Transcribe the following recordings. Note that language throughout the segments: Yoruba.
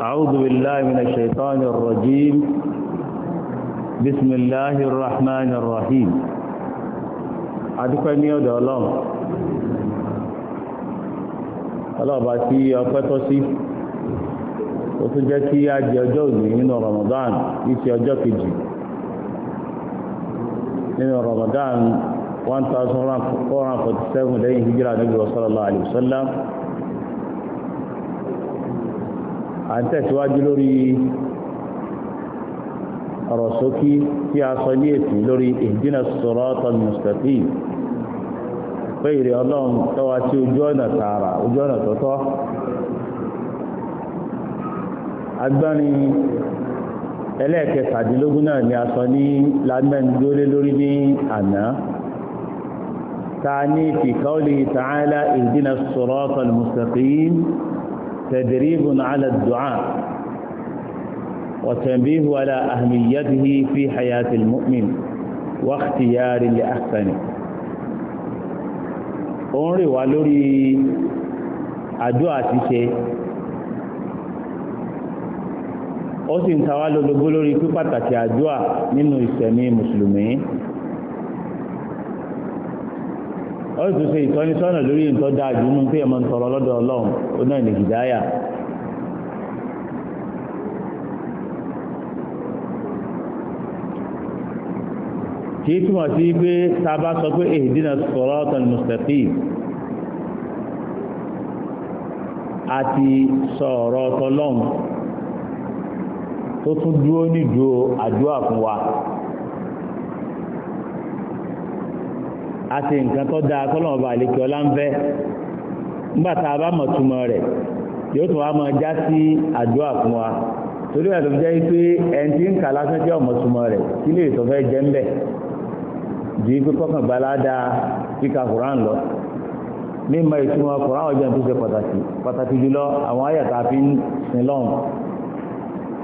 أعوذ بالله من الشيطان الرجيم بسم الله الرحمن الرحيم adúpẹ́ ní ọ̀dọ̀ ọlọ́run ọlọ́ọ̀bá tí ọpẹ́ tọ́ sí ó tún jẹ́ kí a jẹ ọjọ́ òní nínú Ramadan ní ti ọjọ́ kejì nínú Ramadan 1447 lẹ́yìn hijira Nabi sallallahu alaihi wasallam à ń tẹ̀síwájú lórí ọ̀rọ̀ sókí tí a sọ ní èsì lórí ihdina siratal mustaqim pé ìrẹ̀ ọlọ́run tọ́wa sí ojú ọ̀nà tààrà ojú ọ̀nà tọ́tọ́ agbárin ẹlẹ́ẹ̀kẹtàdínlógún náà ni a sọ ní lámẹ́ndólé lórí ní àná ta ní fi qawlihi ta'ala ihdina siratal تدريب على الدعاء وتنبيه على أهميته في حياة المؤمن واختيار لأحسنه òun rè wá lórí àdúrà ṣíṣe ó sì ń ta wá lólobó lórí pípàtàkì àdúrà nínú ìṣẹ̀mí mùsùlùmí ó sì ṣe ìtọ́nisọ́nà lórí nǹkan dáa jù nínú pé ẹ̀ máa ń tọrọ lọ́dọ̀ ọlọ́run ó náà ní hìdáyà kì í túmọ̀ sí pé tá a bá sọ pé ihdina siratal mustaqim àti sọ̀rọ̀ tọlọ́run tó tún dúró nídùú àdúrà fún wa. àti nǹkan tó dáa tọ́lọ̀ ọba àlekè ọlá ń fẹ́ nígbà tá a bá mọ̀ túmọ̀ rẹ̀ yóò tún wá mọ̀ já sí àdúrà fún wa torí ẹ̀ ló jẹ́ pé ẹni tí ń kà lásán jẹ́ ọmọ túmọ̀ rẹ̀ kí lè tọ́ fẹ́ jẹ́ ń bẹ̀ ju pé kọ́kàn balada kíka Quran lọ mímọ̀ ìtumọ̀ Quran ọjọ́ tó ṣe pàtàkì pàtàkì jùlọ àwọn àyà tá a fi ń sin lọ́hùn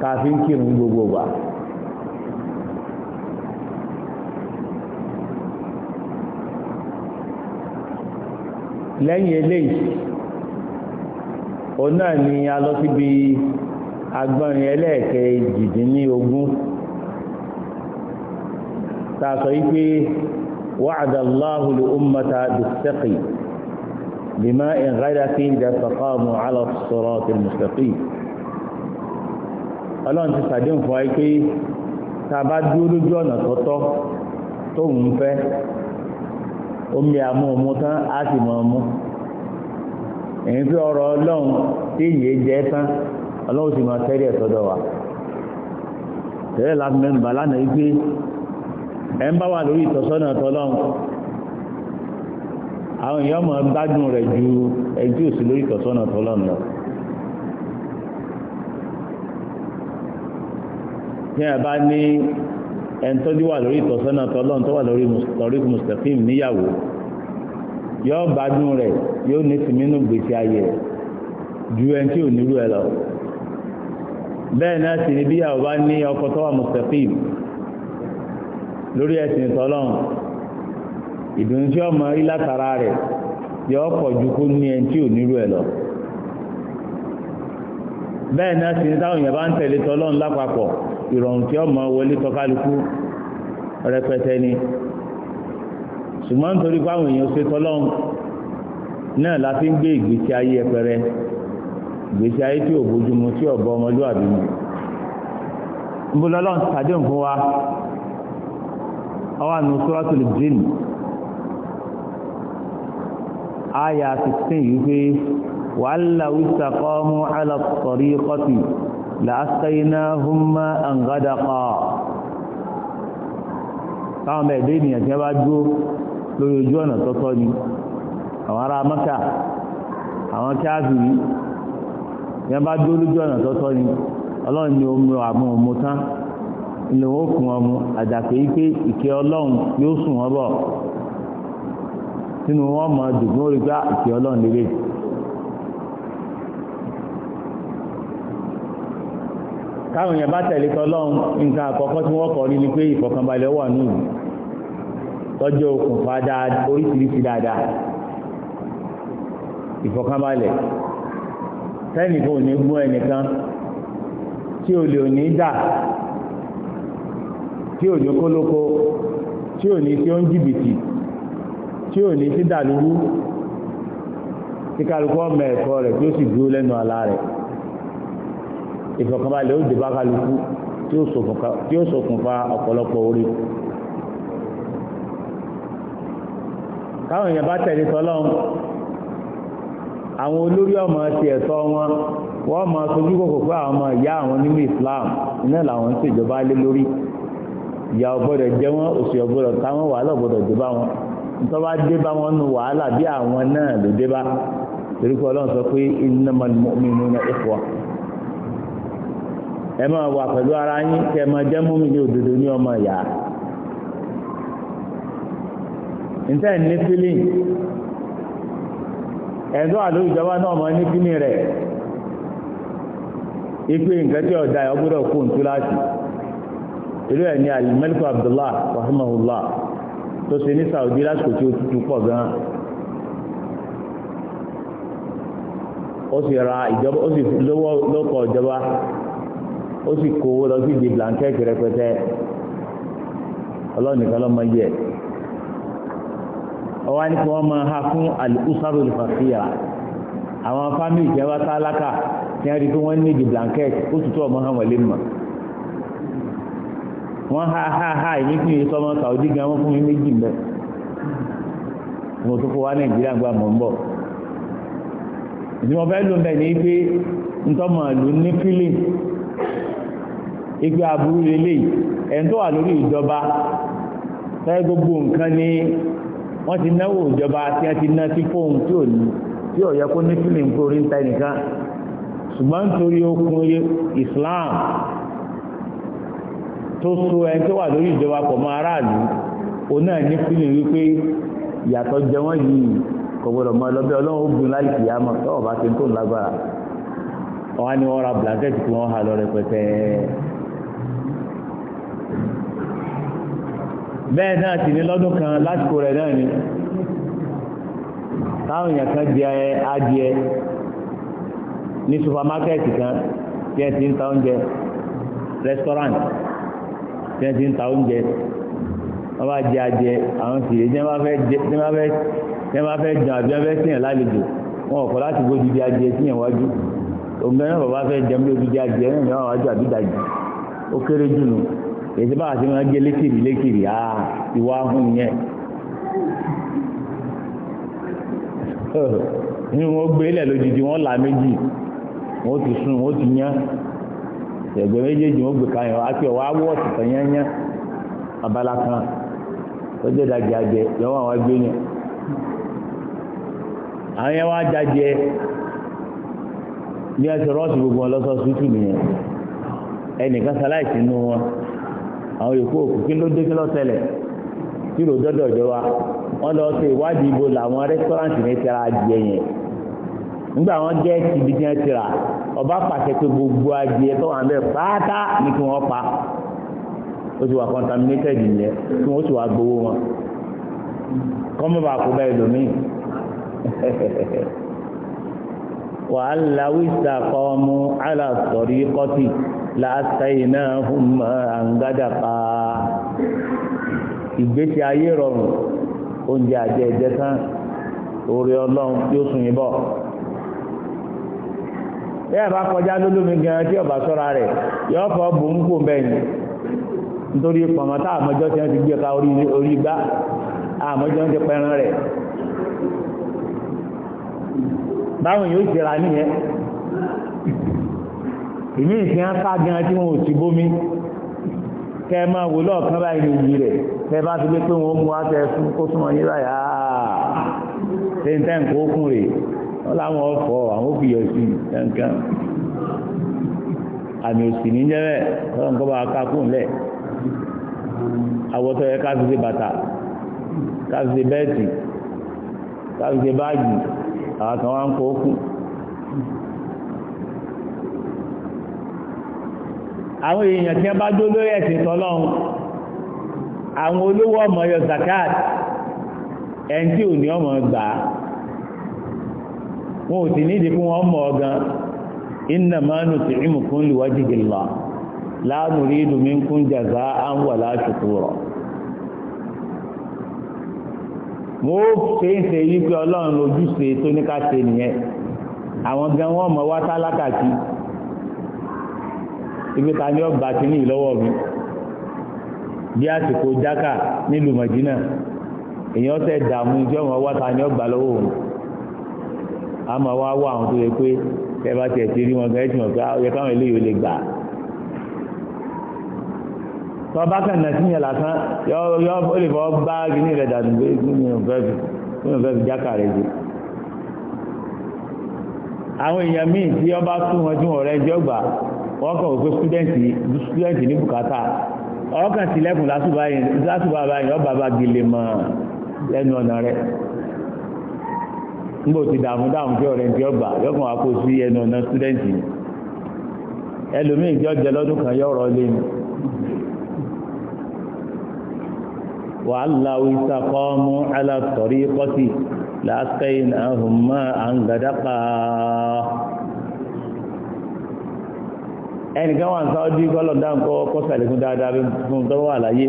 tá a fi ń kírun gbogbo wa. lẹ́yìn eléyìí òun náà ni a lọ síbi agbọ́nrin ẹlẹ́ẹ̀kejìdínní ogún tá a sọ yìí pé wa'ada Allahu l-ummata bis-saqi bima'in ghadathi idha istaqamu 'ala as-sirati al-mustaqim ọlọ́run ti sàdéhùn fún wa pé tá bá dúró lójú ọ̀nà tọ́tọ́ tó ń fẹ́ omi àmúhùnmú tán á sì mọ̀ ọmú èyí ọ̀rọ̀ ọlọ́run tí ìyẹn jẹ́ tán ọlọ́run sì máa tẹ́lẹ̀ sọ́dọ̀ wa tẹ́lẹ̀ láti mẹ́mbà lánàá ń bá wà lórí ìtọ́sọ́nà tọ́lọ́run àwọn èèyàn ju ẹjú òsì lórí ìtọ́sọ́nà tọ́lọ́run lọ tí ẹ bá ẹni tó wà lórí ìtọ́sọ́nà tọ́lọ́n tó wà lórí tọ́rí mustaqim níyàwó yóò gbádùn rẹ̀ yóò ní tìmínú gbèsè ayé ju ẹni tí ò nírú ẹ lọ bẹ́ẹ̀ náà sì ni bí ìyàwó bá ní ọkọ tó wà mustaqim lórí ẹ̀sìn tọ́lọ́n ìdùnnú tí ọmọ ìlàtara rẹ̀ yóò pọ̀ ju kó ní ẹni tí ò nírú ẹ lọ bẹ́ẹ̀ náà sì ni táwọn èèyàn bá ń tẹ̀lé tọ́lọ́n lápapọ̀ ìrọ̀rùn tí ọmọ wọlé tọ́kálukú rẹpẹtẹ ni ṣùgbọ́n torí fáwọn èèyàn ṣe tọ́lọ́n náà la fi ń gbé ìgbésí ayé ẹpẹrẹ ìgbésí ayé tí ò bójúmu tí ọ̀bọ ọmọlúwàbí mu nbọlọlọ́n pàdé nǹkan wa ọwọ́ àná suratul jinn àyà sixteen yìí pé wàhálà wíṣàkọ́ mú àlọ́ sọ̀rí kọ́tì. làásàínàhùn máa ń gádàkà táwọn ọmọ ẹ̀dẹ́ ènìyàn tí wọ́n bá dúró lórí ojú ọ̀nà tọ́tọ́ ni àwọn ará mọ́kà àwọn káàfìrí tí wọ́n bá dúró lójú ọ̀nà tọ́tọ́ ni ọlọ́run ni omi àmú òmu táwọn èèyàn bá tẹ̀lé tọ́lọ́run nǹkan àkọ́kọ́ tí wọ́n kọ́ rí ni pé ìfọ̀kànbalẹ̀ wà nù tọ́jú okùnfà oríṣiríṣi dáadáa ìfọ̀kànbalẹ̀ tẹ́nìkan ò ní gún ẹnìkan tí ò lè ní dà tí ò ní kólókó tí ò ní tí ó ń jìbìtì tí ò ní tí dàlúrú tí kálukú ọmọ ẹ̀kọ́ rẹ̀ tí ó sì dúró lẹ́nu àlá rẹ̀ ìfọ̀kànbalẹ̀ ó dé bá kálukú tí ó ṣokùnfà ọ̀pọ̀lọpọ̀ orí káwọn èèyàn bá tẹ̀lé tọ́lọ́run àwọn olórí ọmọ ti ẹ̀tọ́ wọn wọ́n máa sojú kòkò pé àwọn ọmọ ìyá àwọn nínú Islam iná làwọn ń ṣèjọba lé lórí ìyà ọgbọ́dọ̀ jẹ wọ́n òṣì ọgbọ́dọ̀ táwọn wàhálà ọgbọ́dọ̀ dé bá wọn nítorí wá dé bá wọn nu wàhálà bí àwọn náà ló dé bá torí pé Ọlọ́run sọ pé innamal mu'minuna ikhwa ẹ máa wà pẹ̀lú ara yín kẹ máa jẹ́ múmi ní òdodo ní ọmọ ìyá níta ẹ̀ ní feeling ẹ̀ńtọ́ àlọ́ ìjọba náà mọ ní feeling rẹ̀ ipe nǹkan tí ọ̀dà ẹ̀ ọgbọ́dọ̀ kó ntú láti ìlú ẹ̀ ní alimẹ́líkù Abdullah rahimahullah tó ṣe ní Saudi lásìkò tí ó tutù pọ̀ gan-an. ó sì ra ìjọba ó sì lówó lóko ìjọba ó sì kó owó lọ sí di blanket rẹpẹtẹ ọlọ́run nìkan lọ́mọ yẹ ọwọ́ ni kí wọ́n máa ha fún alùpùsàrò ìfàfíà àwọn fámìlì tí wọ́n bá tálákà tí wọ́n rí pé wọ́n ní di blanket ó sì tó ọmọ hàn wọlé mọ̀ wọ́n ha ha ha èmi kí ni sọmọ sàwùdí gan wọ́n fún mi méjì mbẹ́ mo tó kó wá nàìjíríà gba mọ̀ ń bọ̀ ìdí mo fẹ́ lò ń bẹ̀ ní pé ntọ́mọ̀ lù ní fílìn igbe aburú lélẹ̀ ẹ̀ńtó wà lórí ìjọba fẹ́ gbogbo nǹkan ni wọ́n ti náwó ìjọba tí wọ́n ti ná sí fóun tí ò ní tí ò kó ní fílìm kó orí ń nìkan ṣùgbọ́n nítorí okun Islam tó so ẹni tó wà lórí ìjọba pọ̀ mọ́ aráàlú òun náà ní fílìm wípé ìyàtọ̀ jẹ wọ́n yìí kò gbọdọ̀ mọ ẹlọ́bẹ́ ọlọ́run ó gbin láì kìí àmọ́ tọ́wọ́ bá ti ń tó lágbára wọn á ní wọn ra blanket tí wọ́n hà lọ rẹpẹtẹ bẹ́ẹ̀ náà ti ní lọ́dún kan lásìkò rẹ̀ náà ni táwọn èèyàn kan jẹ adìẹ ní supamakẹ́ẹ̀tì kan tí ẹ ti ń ta oúnjẹ rẹ́sítọ́ràǹtì tí ẹ ti ń ta oúnjẹ wọ́n bá jẹ adìẹ àwọn sì èyí tí wọ́n bá fẹ́ jẹun àbí wọ́n fẹ́ sèyàn lálejò wọn ò kọ́ láti bójú di adìẹ sí yẹn wájú òun náà bàbá fẹ́ jẹun lójú di adìẹ náà ni wọ́n wájú àbí dàjì ó kéré jù nù. èsì báwa ṣe máa gé lékiri lékiri á ìwà ahùn yẹn ní wọn gbé lẹ̀ lójijì wọn là méjì wọn ti sùn wọn ti yán ẹgbẹ́ méjèèjì wọn gbé kanyọ ọwọ́ awọ ọ̀sìtàn yányá abala kan ó jẹ́ dàgbé àjẹ àwọn yẹn àwọn yẹn ní gbogbo sáláìsì àwọn èkó òkú kí ló dé kí ló ṣẹlẹ̀ kí ló dọ́dọ̀ jọ wa wọ́n lọ ṣe ìwádìí ibo làwọn rẹ́sítọ́rántì ní tẹ́ra adìẹ yẹn nígbà wọn jẹ́ ibi tí wọ́n ti rà ọba pàṣẹ pé gbogbo adìẹ tó wà bẹ́ẹ̀ pátá ni kí wọ́n pa ó ti wà contaminated nìyẹn kí wọ́n ti wà gbowó wọn kọ́mọ́bà kó bá ẹlòmíì wàhálà wíṣà kọ́ ọmú àlà sọ̀rí kọ́tì la'asqaynahum ma'an ghadaqa ìgbésí ayé rọrùn oúnjẹ àjẹ ẹ̀jẹ̀ tán orí ọlọ́run yóò sùn yín bọ̀ bẹ́ẹ̀ bá kọjá lólómi gan tí ọba sọ́ra rẹ̀ yọ fọ́ bù ń kò bẹ́yìn nítorí pọ̀mọ́tà àmọ́jọ́ tí wọ́n ti gbé ka orí gbá àmọ́jọ́ ti pẹran rẹ̀ báwọn yóò ṣe ra nìyẹn ìmí ìsìn á ká wọn ò ti bómi kẹ ẹ wò lọ́ọ̀kan báyìí ní iyì rẹ̀ kẹ bá ti gbé pé wọn mú aṣọ ẹfún kó súnmọ́ yín báyà ṣe ń tẹ́ǹkó kún rè wọn làwọn ọ̀fọ̀ àwọn òbí sí kankan àmì òsì ní jẹ́ bẹ́ẹ̀ bá ká lẹ̀ àwọn èèyàn tí wọ́n bá dó lórí ẹ̀sìn tọ́lọ́run àwọn olówó ọmọ yọ zakat ẹni tí ò ní ọmọ gbà á wọn ò sì nídìí fún wọn mọ̀ ọ̀gan inna ma nut'imukum liwajhi llah la nuridu minkum jaza'an wala shukura wọ́n ó ṣe ń ṣe yí pé ọlọ́run lójúṣe tó ní ká ṣe nìyẹn àwọn gan wọ́n mọ̀ wá tálákà sí i ibi ta ni ọgbà ti ní ìlọ́wọ́ mi bí àsìkò jákà nílùú mọ̀dínà èèyàn tẹ̀ dààmú ìjọ ọmọ wá ta ni ọgbà lọ́wọ́ òun àmọ́ wá wá àwọn tó yẹ pé ẹ bá tiẹ̀ ti rí wọn gan ẹ ti mọ̀ pé ó yẹ káwọn eléyìí ò lè gbà á tọ́ bá kàn náà síyàn lásán yọ ó lè fọwọ́ bá gíní rẹ̀ dànù pé gíníyàn fẹ́ fi jákà rẹ̀ jù àwọn èèyàn míì tí ọba tún wọn tún ọ̀rẹ́ jọgbà ọkàn òpé stúdẹ̀ntì stúdẹ̀ntì ní bùkátà ọkàn tilẹ̀kùn lásùbà báyìí ọba bá gèlè mọ́ lẹ́nu ọ̀nà rẹ̀ nígbà ti dààmú dààmú tí ọ̀rẹ́ ti ọgbà yọkàn wá kó sí ẹnu ọ̀nà stúdẹ̀ntì ẹlòmíì tí ọjọ́ lọ́dún kan yọ̀ lé mi wàhálà ìsàkọ́mú alátọ̀rí kọ́sì làákẹ́yìn àhùnmá àǹgàdàkàá. ẹnìkan wà ń sáwọ́dí kọ́lọ̀ dáńkọ́ kọ́sàlẹ̀kún dáadáa fún tó wà láyé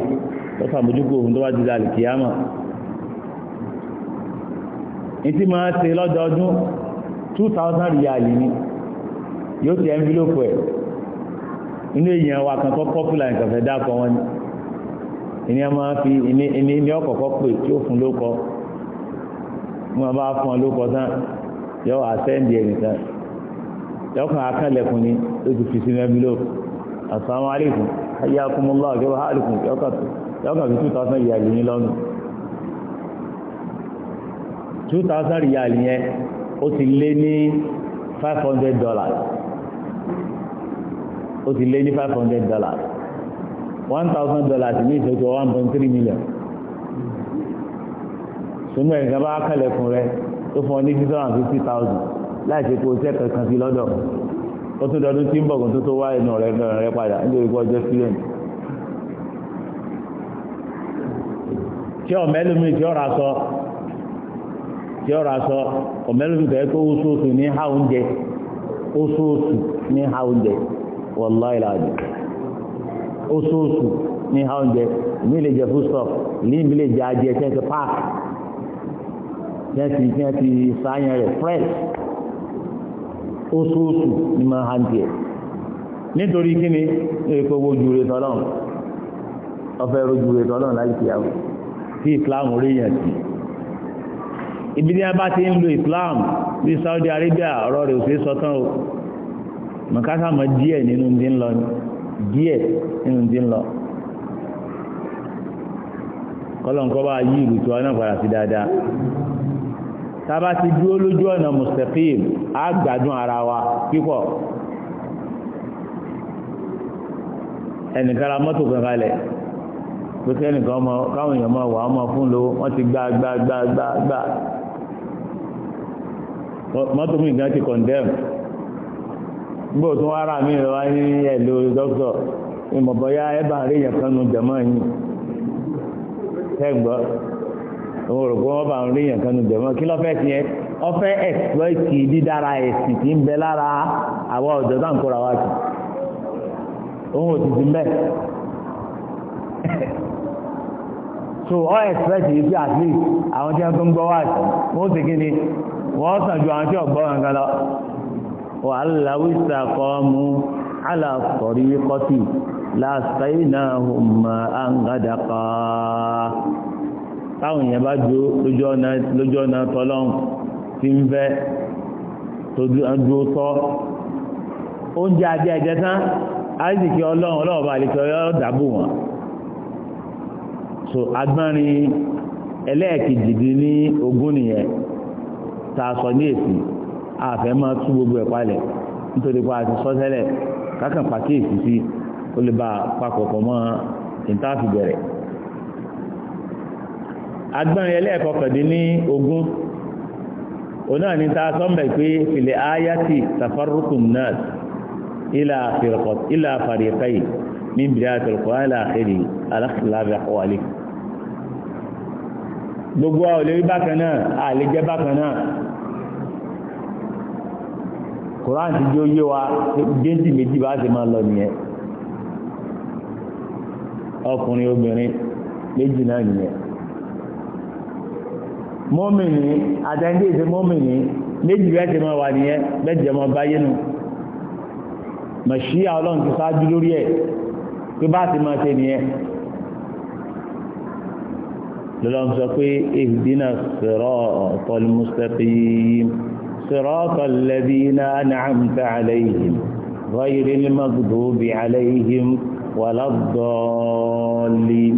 tó sàmójúkú òun tó wá ti dàlì kìyàmà ìtí máa ṣe lọ́dọọdún 2000 ríàlì ni yóò ti envelope ẹ̀ inú èèyàn wa kan kọ́ pọ́pùlà nǹkan fẹ́ dákọ̀ wọn ni ìní a máa fi ìní ní ọ̀kọ̀ọ̀kọ́ pè tí ó fún lóko wọn bá fún ọ lóko tán yọ àṣẹ́ǹdì ẹ̀ nìkan yọkàn yóò fi sínú ẹbí lò assalamu alaikum hayyakumullah kẹwàá alaikum yọkà fi two thousand ìyàlì yín lọ́nu two thousand ìyàlì yẹn ó ti lé ní five hundred dollars ó ti lé ní five hundred dollars one thousand dollars ní ìṣèjú one point three million sọmọ ẹ̀ka bá kálẹ̀kùn rẹ tó fún ọ ní six hundred and fifty sí lọ́dọ̀ ó tún dọdún tí ń bọ̀ kó tó tó wá ẹnu rẹ fẹ́ràn rẹ padà nítorí pé ọjọ́ sílẹ̀ ní. tí ọ̀mẹ́lómi tí ọ̀rọ̀ aṣọ tí ọ̀rọ̀ aṣọ ọ̀mẹ́lómi tẹ̀ pé oṣooṣù ní ha oúnjẹ oṣooṣù ní ha oúnjẹ wàláì láàdì oṣooṣù ní ha oúnjẹ mi lè jẹ food stop ní lè jẹ ajẹ tẹ́tí park tẹ́tí tẹ́tí sáyẹn rẹ̀ fresh. oṣooṣù ni máa hàn tiẹ̀ nítorí kí ni èkó wo jùlọ tọ́lọ́n ọ̀fẹ́ ro jùlọ tọ́lọ́n láì fi àwọn tí Islam rí yàn sí ibi tí a bá ti ń lo Islam bí Saudi Arabia ọ̀rọ̀ rẹ̀ ò makasa sọ́tàn o mọ̀kásá mọ̀ díẹ̀ nínú ti ń lọ díẹ̀ nínú ti ń lọ kọ́lọ́nkọ́ bá yí ìlú padà sí dáadáa. tába ti dúró lójú ọ̀nà á gbádùn ara wa pípọ̀ ẹnìkan ra mọ́tò kankan lẹ̀ ọmọ káwọn èèyàn máa wà fún lo wọ́n ti gbá gbá gbá gbá gbá mọ́tò mi gan ti condemn nígbà tó wá rà mí rẹ̀ wá ní ẹ̀lò dókítọ̀ ìmọ̀bọ̀yá ẹ̀bà rí èèyàn nu jẹ̀mọ́ yìí tẹ́gbọ́ òun rò pé wọ́n bá ń rí èèyàn kan nu jẹ̀mọ́ kí lọ́fẹ́ ti yẹn ọfẹ́ ẹ̀sìpẹ́ẹ̀tì dídára ẹ̀sìn tí ń bẹ lára àwa ọ̀dọ́ náà ń kóra wá sí òun ò ti ti mbẹ́ so all expect yìí pé at àwọn tí wọ́n tó ń gbọ́ wá sí wọ́n sì kí ni wọ́n sàn ju àwọn tí ọ̀gbọ́ wọn kan lọ wàhálà wíṣà kọ́ mú alàkọ̀rí kọ́tì láàṣà ìnáhùn máa ń táwọn èèyàn bá ju lójú ọ̀nà tọ́lọ́hún ti ń fẹ́ tó dúró tọ́ oúnjẹ ajé ẹ̀jẹ̀ tán áìsìkì ọlọ́run ọlọ́run bá lè tọ́yọ́ dàbò wọn so agbọ́nrin ẹlẹ́ẹ̀kejìdín ní ogún nìyẹn tá sọ ní èsì àfẹ́ máa gbogbo ẹ̀ palẹ̀ nítorí a sọ tẹ́lẹ̀ kákan pàkíyèsí sí ó lè bá papọ̀ agbọ́n ẹlẹ́ẹ̀kọkàndín ní ogún onáà ní ta sọ́mbẹ̀ pé fìlẹ̀ ayati tafarrukun nas ilà fàríkàyì ní bìrì àtẹ̀lẹ̀kọ́ aláàkiri aláàkìláàbì àkọwàlẹ̀ gbogbo a ò lè rí bákan náà a lè jẹ́ bákan náà koran ti jó yé wa géńtì méjì bá ti máa lọ nìyẹn ọkùnrin obìnrin méjì náà nìyẹn mọ́mìnì àtẹ̀ǹdé ìṣe mọ́mìnì méjì bẹ́ẹ̀ ti máa wà nìyẹn bẹ́ẹ̀ jẹ́ máa báyé nu màṣíà ọlọ́run ti ṣáájú lórí ẹ̀ pé bá ti máa ṣe nìyẹn lọ́lọ́run sọ pé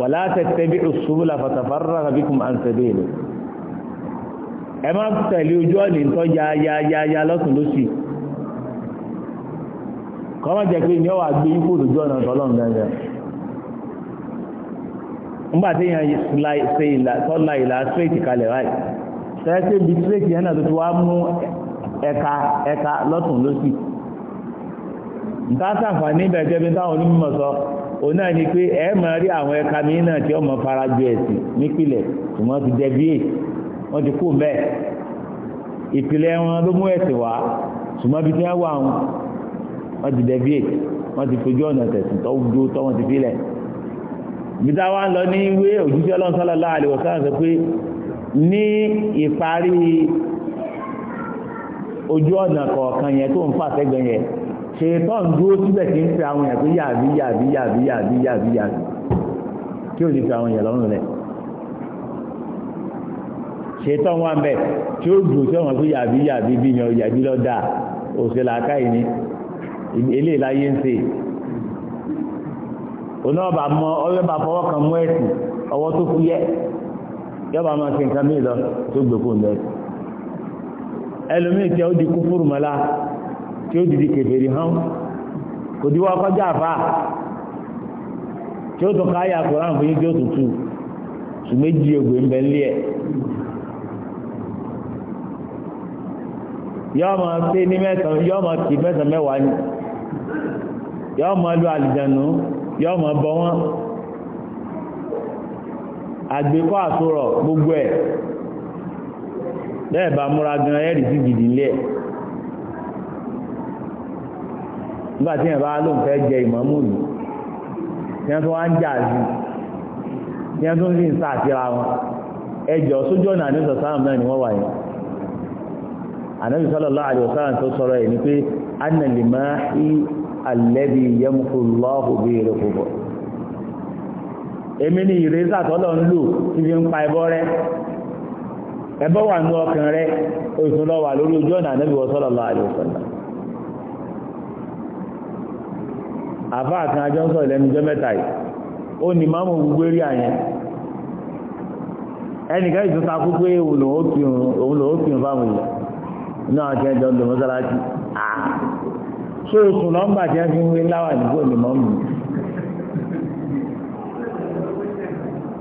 wala tattabi'u subula fatafarraqa bikum an sabili ẹ má tẹ̀lé ojú ọ̀nì tó yáyáyáyá lọ́sùn lọ́sì kọ́mọ̀ jẹ́ wa ní ọwà gbé na kó lójú ọ̀nà tọ́lọ́n gangan nígbà tí èèyàn ṣe lai ìlà straight kalẹ̀ báyìí sẹ́ẹ́sẹ́ bi straight yẹn náà tó ti wá mú ẹ̀ka ẹ̀ka lọ́sùn lọ́sì nǹkan sàǹfààní bẹ̀ẹ́ gẹ́gẹ́ bí táwọn onímọ̀ sọ ona náà ni pé ẹ máa rí àwọn mi náà tí ọmọ fara ju ti dẹ́bíyè wọ́n ti kú bẹ́ẹ̀ ìpìlẹ̀ wọn ló mú ẹ̀sìn wá ṣùgbọ́n bí tí wọ́n wà wọn wọ́n ti dẹ́bíyè wọ́n ti fojú ọ̀nà tẹ̀sìn tó dúró tó wọ́n ti filẹ̀ gbígbá wa ń lọ ní ìwé òjíṣẹ́ ọlọ́run sallallahu alaihi sọ pé ní ìparí ojú ọ̀nà kọ̀ọ̀kan yẹn tó ń fà sẹ́gbẹ̀ẹ́ yẹn ṣètọ́ ń dúró síbẹ̀ kí ń fi àwọn èèyàn pé yàbí yàbí yàbí yàbí yàbí yàbí kí ò ní fi àwọn èèyàn lọ́rùn rẹ̀ ṣètọ́ wọn bẹ̀ tí ó dùn sí ọmọ pé yàbí yàbí bí yan yàbí lọ́dà òṣèlú àkáyé ni eléyìí láyé ń ṣe òun náà mọ ọyọ́ bá fọwọ́ kan mú ẹ̀sìn ọwọ́ tó kú yẹ yọba máa ṣe nǹkan mí lọ tó gbèkú ń ẹlòmíì tí ó di kúfúrú mọ́lá tí ó dìdí kèfèrí hàn kò díwọ́ kọjá àfà tí ó tún káyà koran fún yín tí ó tún tù sùméjì ògbé ń bẹ ń lé ẹ̀. yọ́ọ́ máa pé ní mẹ́sàn-án yọ́ọ́ mẹ́sàn mẹ́wàá ni yọ́ọ́ lu àlìjànú yọ́ọ́ bọ́ wọ́n àgbékọ́ àsọ̀rọ̀ gbogbo ẹ̀ bẹ́ẹ̀ bá múra gan ẹ̀rì sí gidi ńlẹ̀ ẹ̀. nígbà tí yẹn bá lóun fẹ́ jẹ ìmọ̀mú yìí yẹn tó wá ń jà sí yẹn tó ń sì ń sàkíra wọn ẹjọ́ sójú ọ̀nà àníṣọ̀ sáàmù náà ni wọ́n wà yẹn ànábì sallallahu alaihi wasallam tó sọ̀rọ̀ ẹ̀ ni pé anna limahi alladhi yamhu Allahu bihi al-qubur èmi ni ìrèsà tọ́lọ̀ ń lò tí fi ń pa ẹbọ rẹ ẹbọ wà ní ọkàn rẹ oṣù lọ wà lórí ojú ọ̀nà ànábì sallallahu alaihi wasallam àfá àti àjọ ń sọ ìlẹ́nu jẹ́ mẹ́ta yìí ó ní máàmù gbogbo eré àyẹn ẹnìkan ìtún ta kú pé òun lòó fi hàn fáwọn èèyàn náà àti ẹjọ́ ń lò mọ́sálásí ṣé oṣù nọ́mbà tí wọ́n fi ń wé láwà nígbò ní mọ́mù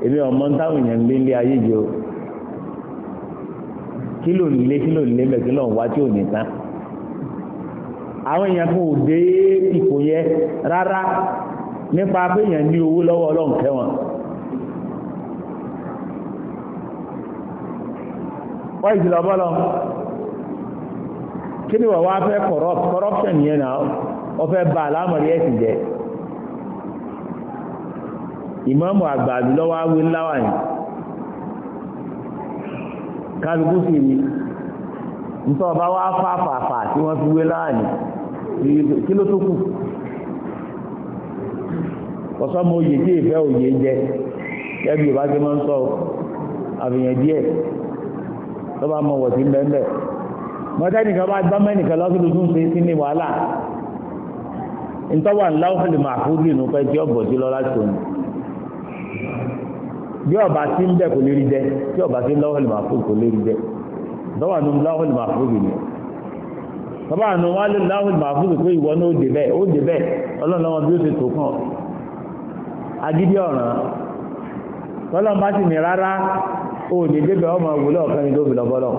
èmi ọmọ ń táwọn èèyàn lé ilé ayé jẹ o kí ló lé kí ló lé mẹ́kí lọ́n wá tí ò ní tán. àwọn èèyàn kan ò dé ipò yẹ rárá nípa pé èèyàn ní owó lọ́wọ́ ọlọ́run kẹwọn wọ́n ìjìlọ bọ́lọ kí ni wọ́n wá fẹ́ corruption yẹn náà wọ́n fẹ́ bà lámọ̀rí ẹ̀sìn jẹ́ ìmọ̀ọ́mù àgbàdo lọ́wọ́ awé ńláwà yìí kálukú wá fàfàfà tí wọ́n fi wé láàyè kí ló tó kù ọ̀sọ́mọ oyè tí ìfẹ́ òye jẹ kẹ́bí ìbá tí wọ́n ń sọ àfihàn díẹ̀ tó bá mọ wọ̀sí bẹ́ẹ̀ mọ́tẹ́nìkan bá gbọ́ mẹ́nìkan lọ́sọ̀rọ̀ tó ń ṣe sí ní wàhálà ntọ́wà ńlá ó fìlì máa fún bínú pé tí ọ̀bọ̀ sí lọ́la tó ní bí ọba sí ń bẹ̀ kò lè rí jẹ tí ọba sí ńlá ó fìlì máa fún kò lè rí jẹ ntọ́wà ńlá ó fìlì máa fún bínú bàbá àánú wá lè láwùn màfúùsù pé ìwọ náà ó dé bẹ́ẹ̀ ó dé bẹ́ẹ̀ ọlọ́run lọ́wọ́ bí ó ṣe tó kàn agídí ọ̀ràn tọ́lọ́n bá sì ní rárá ó lè débẹ̀ ọmọ òwúlọ̀ ọ̀kan ní tóbi lọ́bọ́lọ́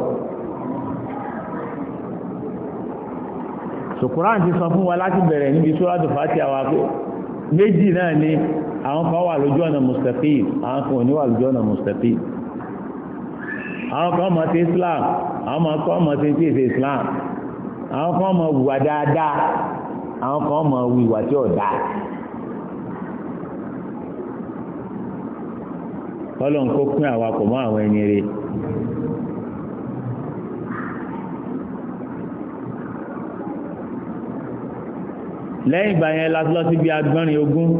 sùkúrán ti sọ fún wa láti bẹ̀rẹ̀ níbi sóràtò fàtí àwa pé méjì náà ni àwọn kan wà lójú ọ̀nà mustaqim àwọn kan ò ní wà lójú ọ̀nà mustaqim àwọn kan mọ̀ sí Islam àwọn kan mọ̀ sí ti Islam àwọn kan mọ wùwà dáadáa àwọn kan mọ wùwà tí ò dáa. kọ́lọ̀ ń kó pín àwa pọ̀ mọ́ àwọn ẹni rẹ̀. lẹ́yìn ìgbà yẹn láti lọ síbi agbọ́nrin ogún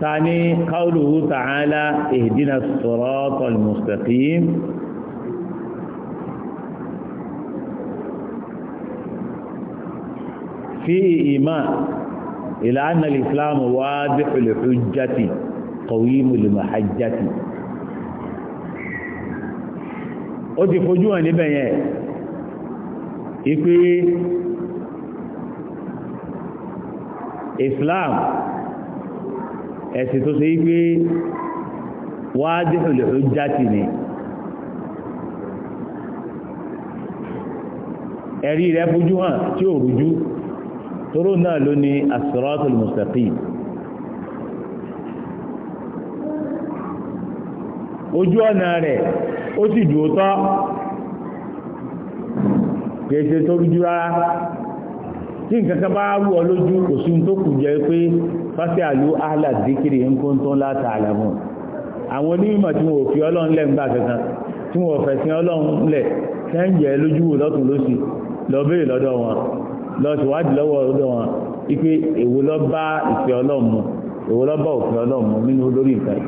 ta ní qawluhu ta'ala ihdina siratal mustaqim. فيه إيمان إلى أن الإسلام واضح الحجة قويم المحجة ó ti fojú hàn níbẹ̀ yẹn ìpé Islam ẹ̀sìn tó ṣe ìpé واضح الحجة ni ẹ̀rí rẹ̀ fojú hàn tí ò rújú toró náà ló ní as-siratul mustaqim ojú ọ̀nà rẹ̀ ó sì dùn tọ́ kèsè tó rújú rárá tí nǹkan kan bá wù ọ lójú kò sí tó kù jẹ́ pé fásitì àlú ahla dìkìrì ń kó ń tán láta àlàmù àwọn onímọ̀ tí wọ́n fi ọlọ́run lẹ̀ ń kankan tí wọ́n fẹ̀sìn ọlọ́run lẹ̀ tẹ́ ń lójú wò lọ́tún lósì lọ béèrè lọ́dọ̀ wọn lọ ṣèwádìí lọ́wọ́ ọ̀dọ̀ wọn wípé èwo lọ bá ìfẹ́ ọlọ́mù èwo lọ bá òfin ọlọ́mù nínú lórí ìfẹ́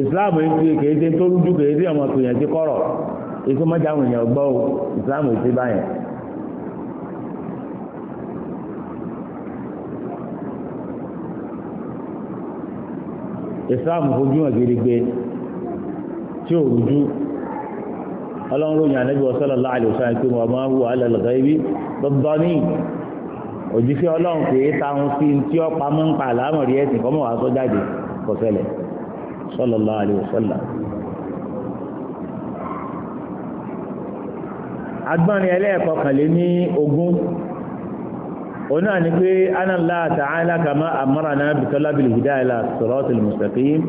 ìsìláàmù yìí kìí ṣe tó rújú kìí ṣe ọmọ tòyàn ti kọ̀rọ̀ èso mọ́jà àwọn èèyàn gbọ́ o ìsìláàmù yìí báyẹn. ìsìláàmù fojú hàn gẹ́gẹ́ tí ò rújú ọlọ́run ròyìn ànábì sallallahu alaihi wasallam pé wọ́n máa ń wù alẹ́ lọ́gọ́ ibi lọ́gbọ́ ní òjíṣẹ́ ọlọ́run pé táwọn fi ń tí ọ̀pá mọ́ ń pa àlámọ̀rí ẹ̀sìn kọ́mọ̀ wá sọ jáde kò ṣẹlẹ̀ sallallahu alaihi wasallam. agbọ́nrin ẹlẹ́ẹ̀kọkànlé ní ogún oní àní pé anna Allah ta'ala kama amarana bi talabil hidayah ila siratil mustaqim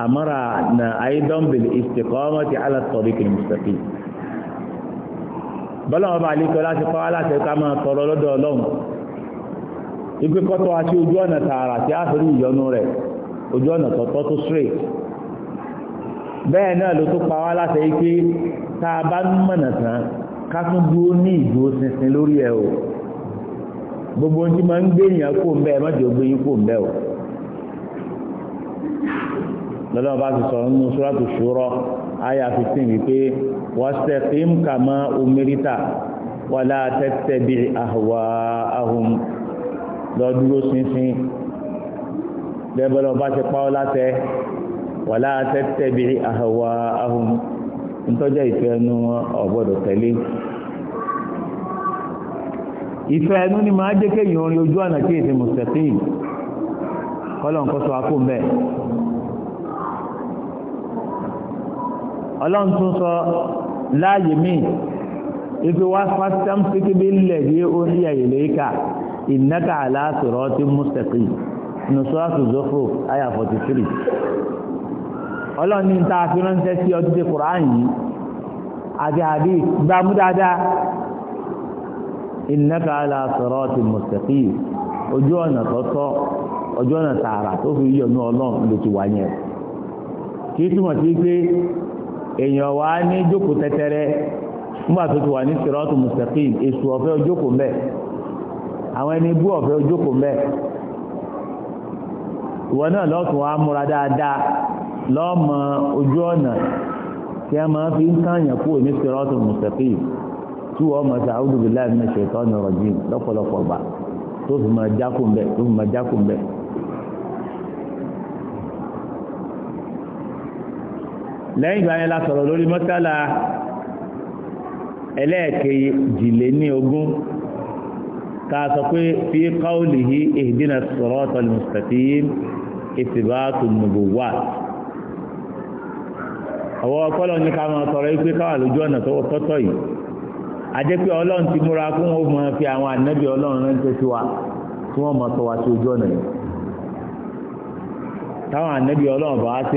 أمرنا أيضا بالاستقامة على الطريق المستقيم bọ́lọ́wọ́ bá lè kọ́ láti kọ́ aláṣẹ ká máa tọrọ lọ́dọ̀ ọlọ́run ipé kọ́tọ́ àti ojú ọ̀nà a fẹ́rí ìyọnu rẹ̀ ojú ọ̀nà tọ̀tọ́ tó straight bẹ́ẹ̀ taa o gbogbo ohun tí ń gbé èèyàn kò ń yín kò o lọ́lọ́wọ́ bá ti sọ̀rọ̀ nínú suratu shura àyà 15 wípé wastaqim kama umirta wala tattabi ahwaahum lọ́dúró ṣinṣin lẹ́bọ̀lọ́ bá ti pa ọ́ látẹ wala tattabi ahwaahum nítọ́jẹ́ ìfẹ́ ẹnu ọ̀gbọ́dọ̀ tẹ̀lé ìfẹ́ ẹnu ni máa jẹ́ kéèyàn orí ojú ọ̀nà kí èsì mustaqim kọ́lọ̀ nǹkan sọ akó mẹ́ẹ̀ ọlọ́run tún sọ láàyè míì ife wá fásitám síkíbi ńlẹ̀ bí orí ẹ̀yẹ̀lẹ̀ ìka ìnáka aláṣọ̀rọ̀ ti mustaqim nùsọ́àtù zọ́fò àyà forty three ọlọ́run ní ta fi ránṣẹ́ sí ọdún tí kùrán yìí àti àbí gbàmú dáadáa ìnáka aláṣọ̀rọ̀ ti mustaqim ojú ọ̀nà tọ́tọ́ ojú ọ̀nà tààrà tó fi yọ̀nù ọlọ́run ló ti wáyẹn kí túmọ̀ sí pé èèyàn wá ní jókòó tẹ́tẹ́rẹ́ nígbà tó ti wà ní sirọ́ọ̀tù mustaqim èṣù ọ̀fẹ́ ojókòó mbẹ́ àwọn ẹni bú ọ̀fẹ́ ojókòó mbẹ́ ìwọ náà lọ́tún wa múra dáadáa lọ́mọ ojú ọ̀nà tí a máa fi ń káàyàn kúrò ní sirọ́ọ̀tù mustaqim tí wọ́n mọ̀ sí a'udhu billahi minash shaitani rajim lọ́pọ̀lọpọ̀ gbà tó fi máa jákùn bẹ́ẹ̀ tó fi máa jákùn bẹ́ẹ̀. lẹ́yìn ìgbà yẹn la sọ̀rọ̀ lórí mọ́sálà ẹlẹ́ẹ̀kejìlé ní ogún pé fi qawlihi ihdina siratal mustaqim ittibatun nubuwat ọwọ́ ọpọlọ ní ká máa sọ̀rọ̀ pé káwà lójú ọ̀nà tọ́tọ́ yìí ajẹ́ pé ọlọ́run ti múra kún ó mọ fi àwọn ànábì ọlọ́run wa wọ́n mọ̀ sí ojú ọ̀nà yìí táwọn ọlọ́run bá sí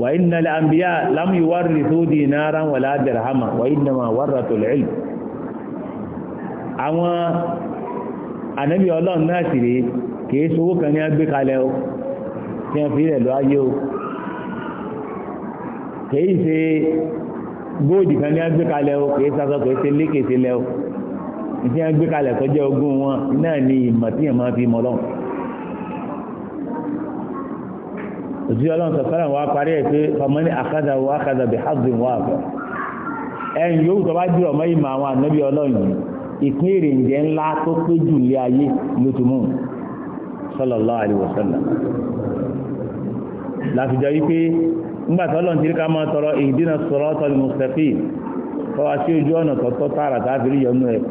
وإن الأنبياء لم يورثوا دينارا ولا درهما وإنما ورثوا العلم àwọn ànábì ọlọ́run náà sì rí kìí ṣowó kan ní agbé kalẹ̀ o tí wọ́n fi rẹ̀ lọ ayé o kìí ṣe góòdì kan ní agbé kalẹ̀ o kìí sasọ kìí ṣe lékèsílẹ̀ o tí wọ́n gbé kalẹ̀ tó ogún wọn náà ni ìmọ̀ tí yẹn máa fi mọ́ lọ́wọ́ òjì ọlọ́run sọ̀tọ́lá wa parí ẹ̀ pé ọmọ ní àkàdà wa àkàdà bí hasbin wa àbọ̀ ẹ̀yìn yòówù tó bá dé ọmọ yìí máa wọn ànábì ọlọ́run yìí ìpín ìrìnjẹ́ ńlá tó pé jù lé ayé ló ti mú sallallahu alaihi wasallam láfijọ́ yìí pé ńgbà tó lọ́n tìrí ká máa tọrọ ihdina siratal mustaqim tó wá sí ojú ọ̀nà tọ́tọ́ tààrà táàfin yọnu ẹ̀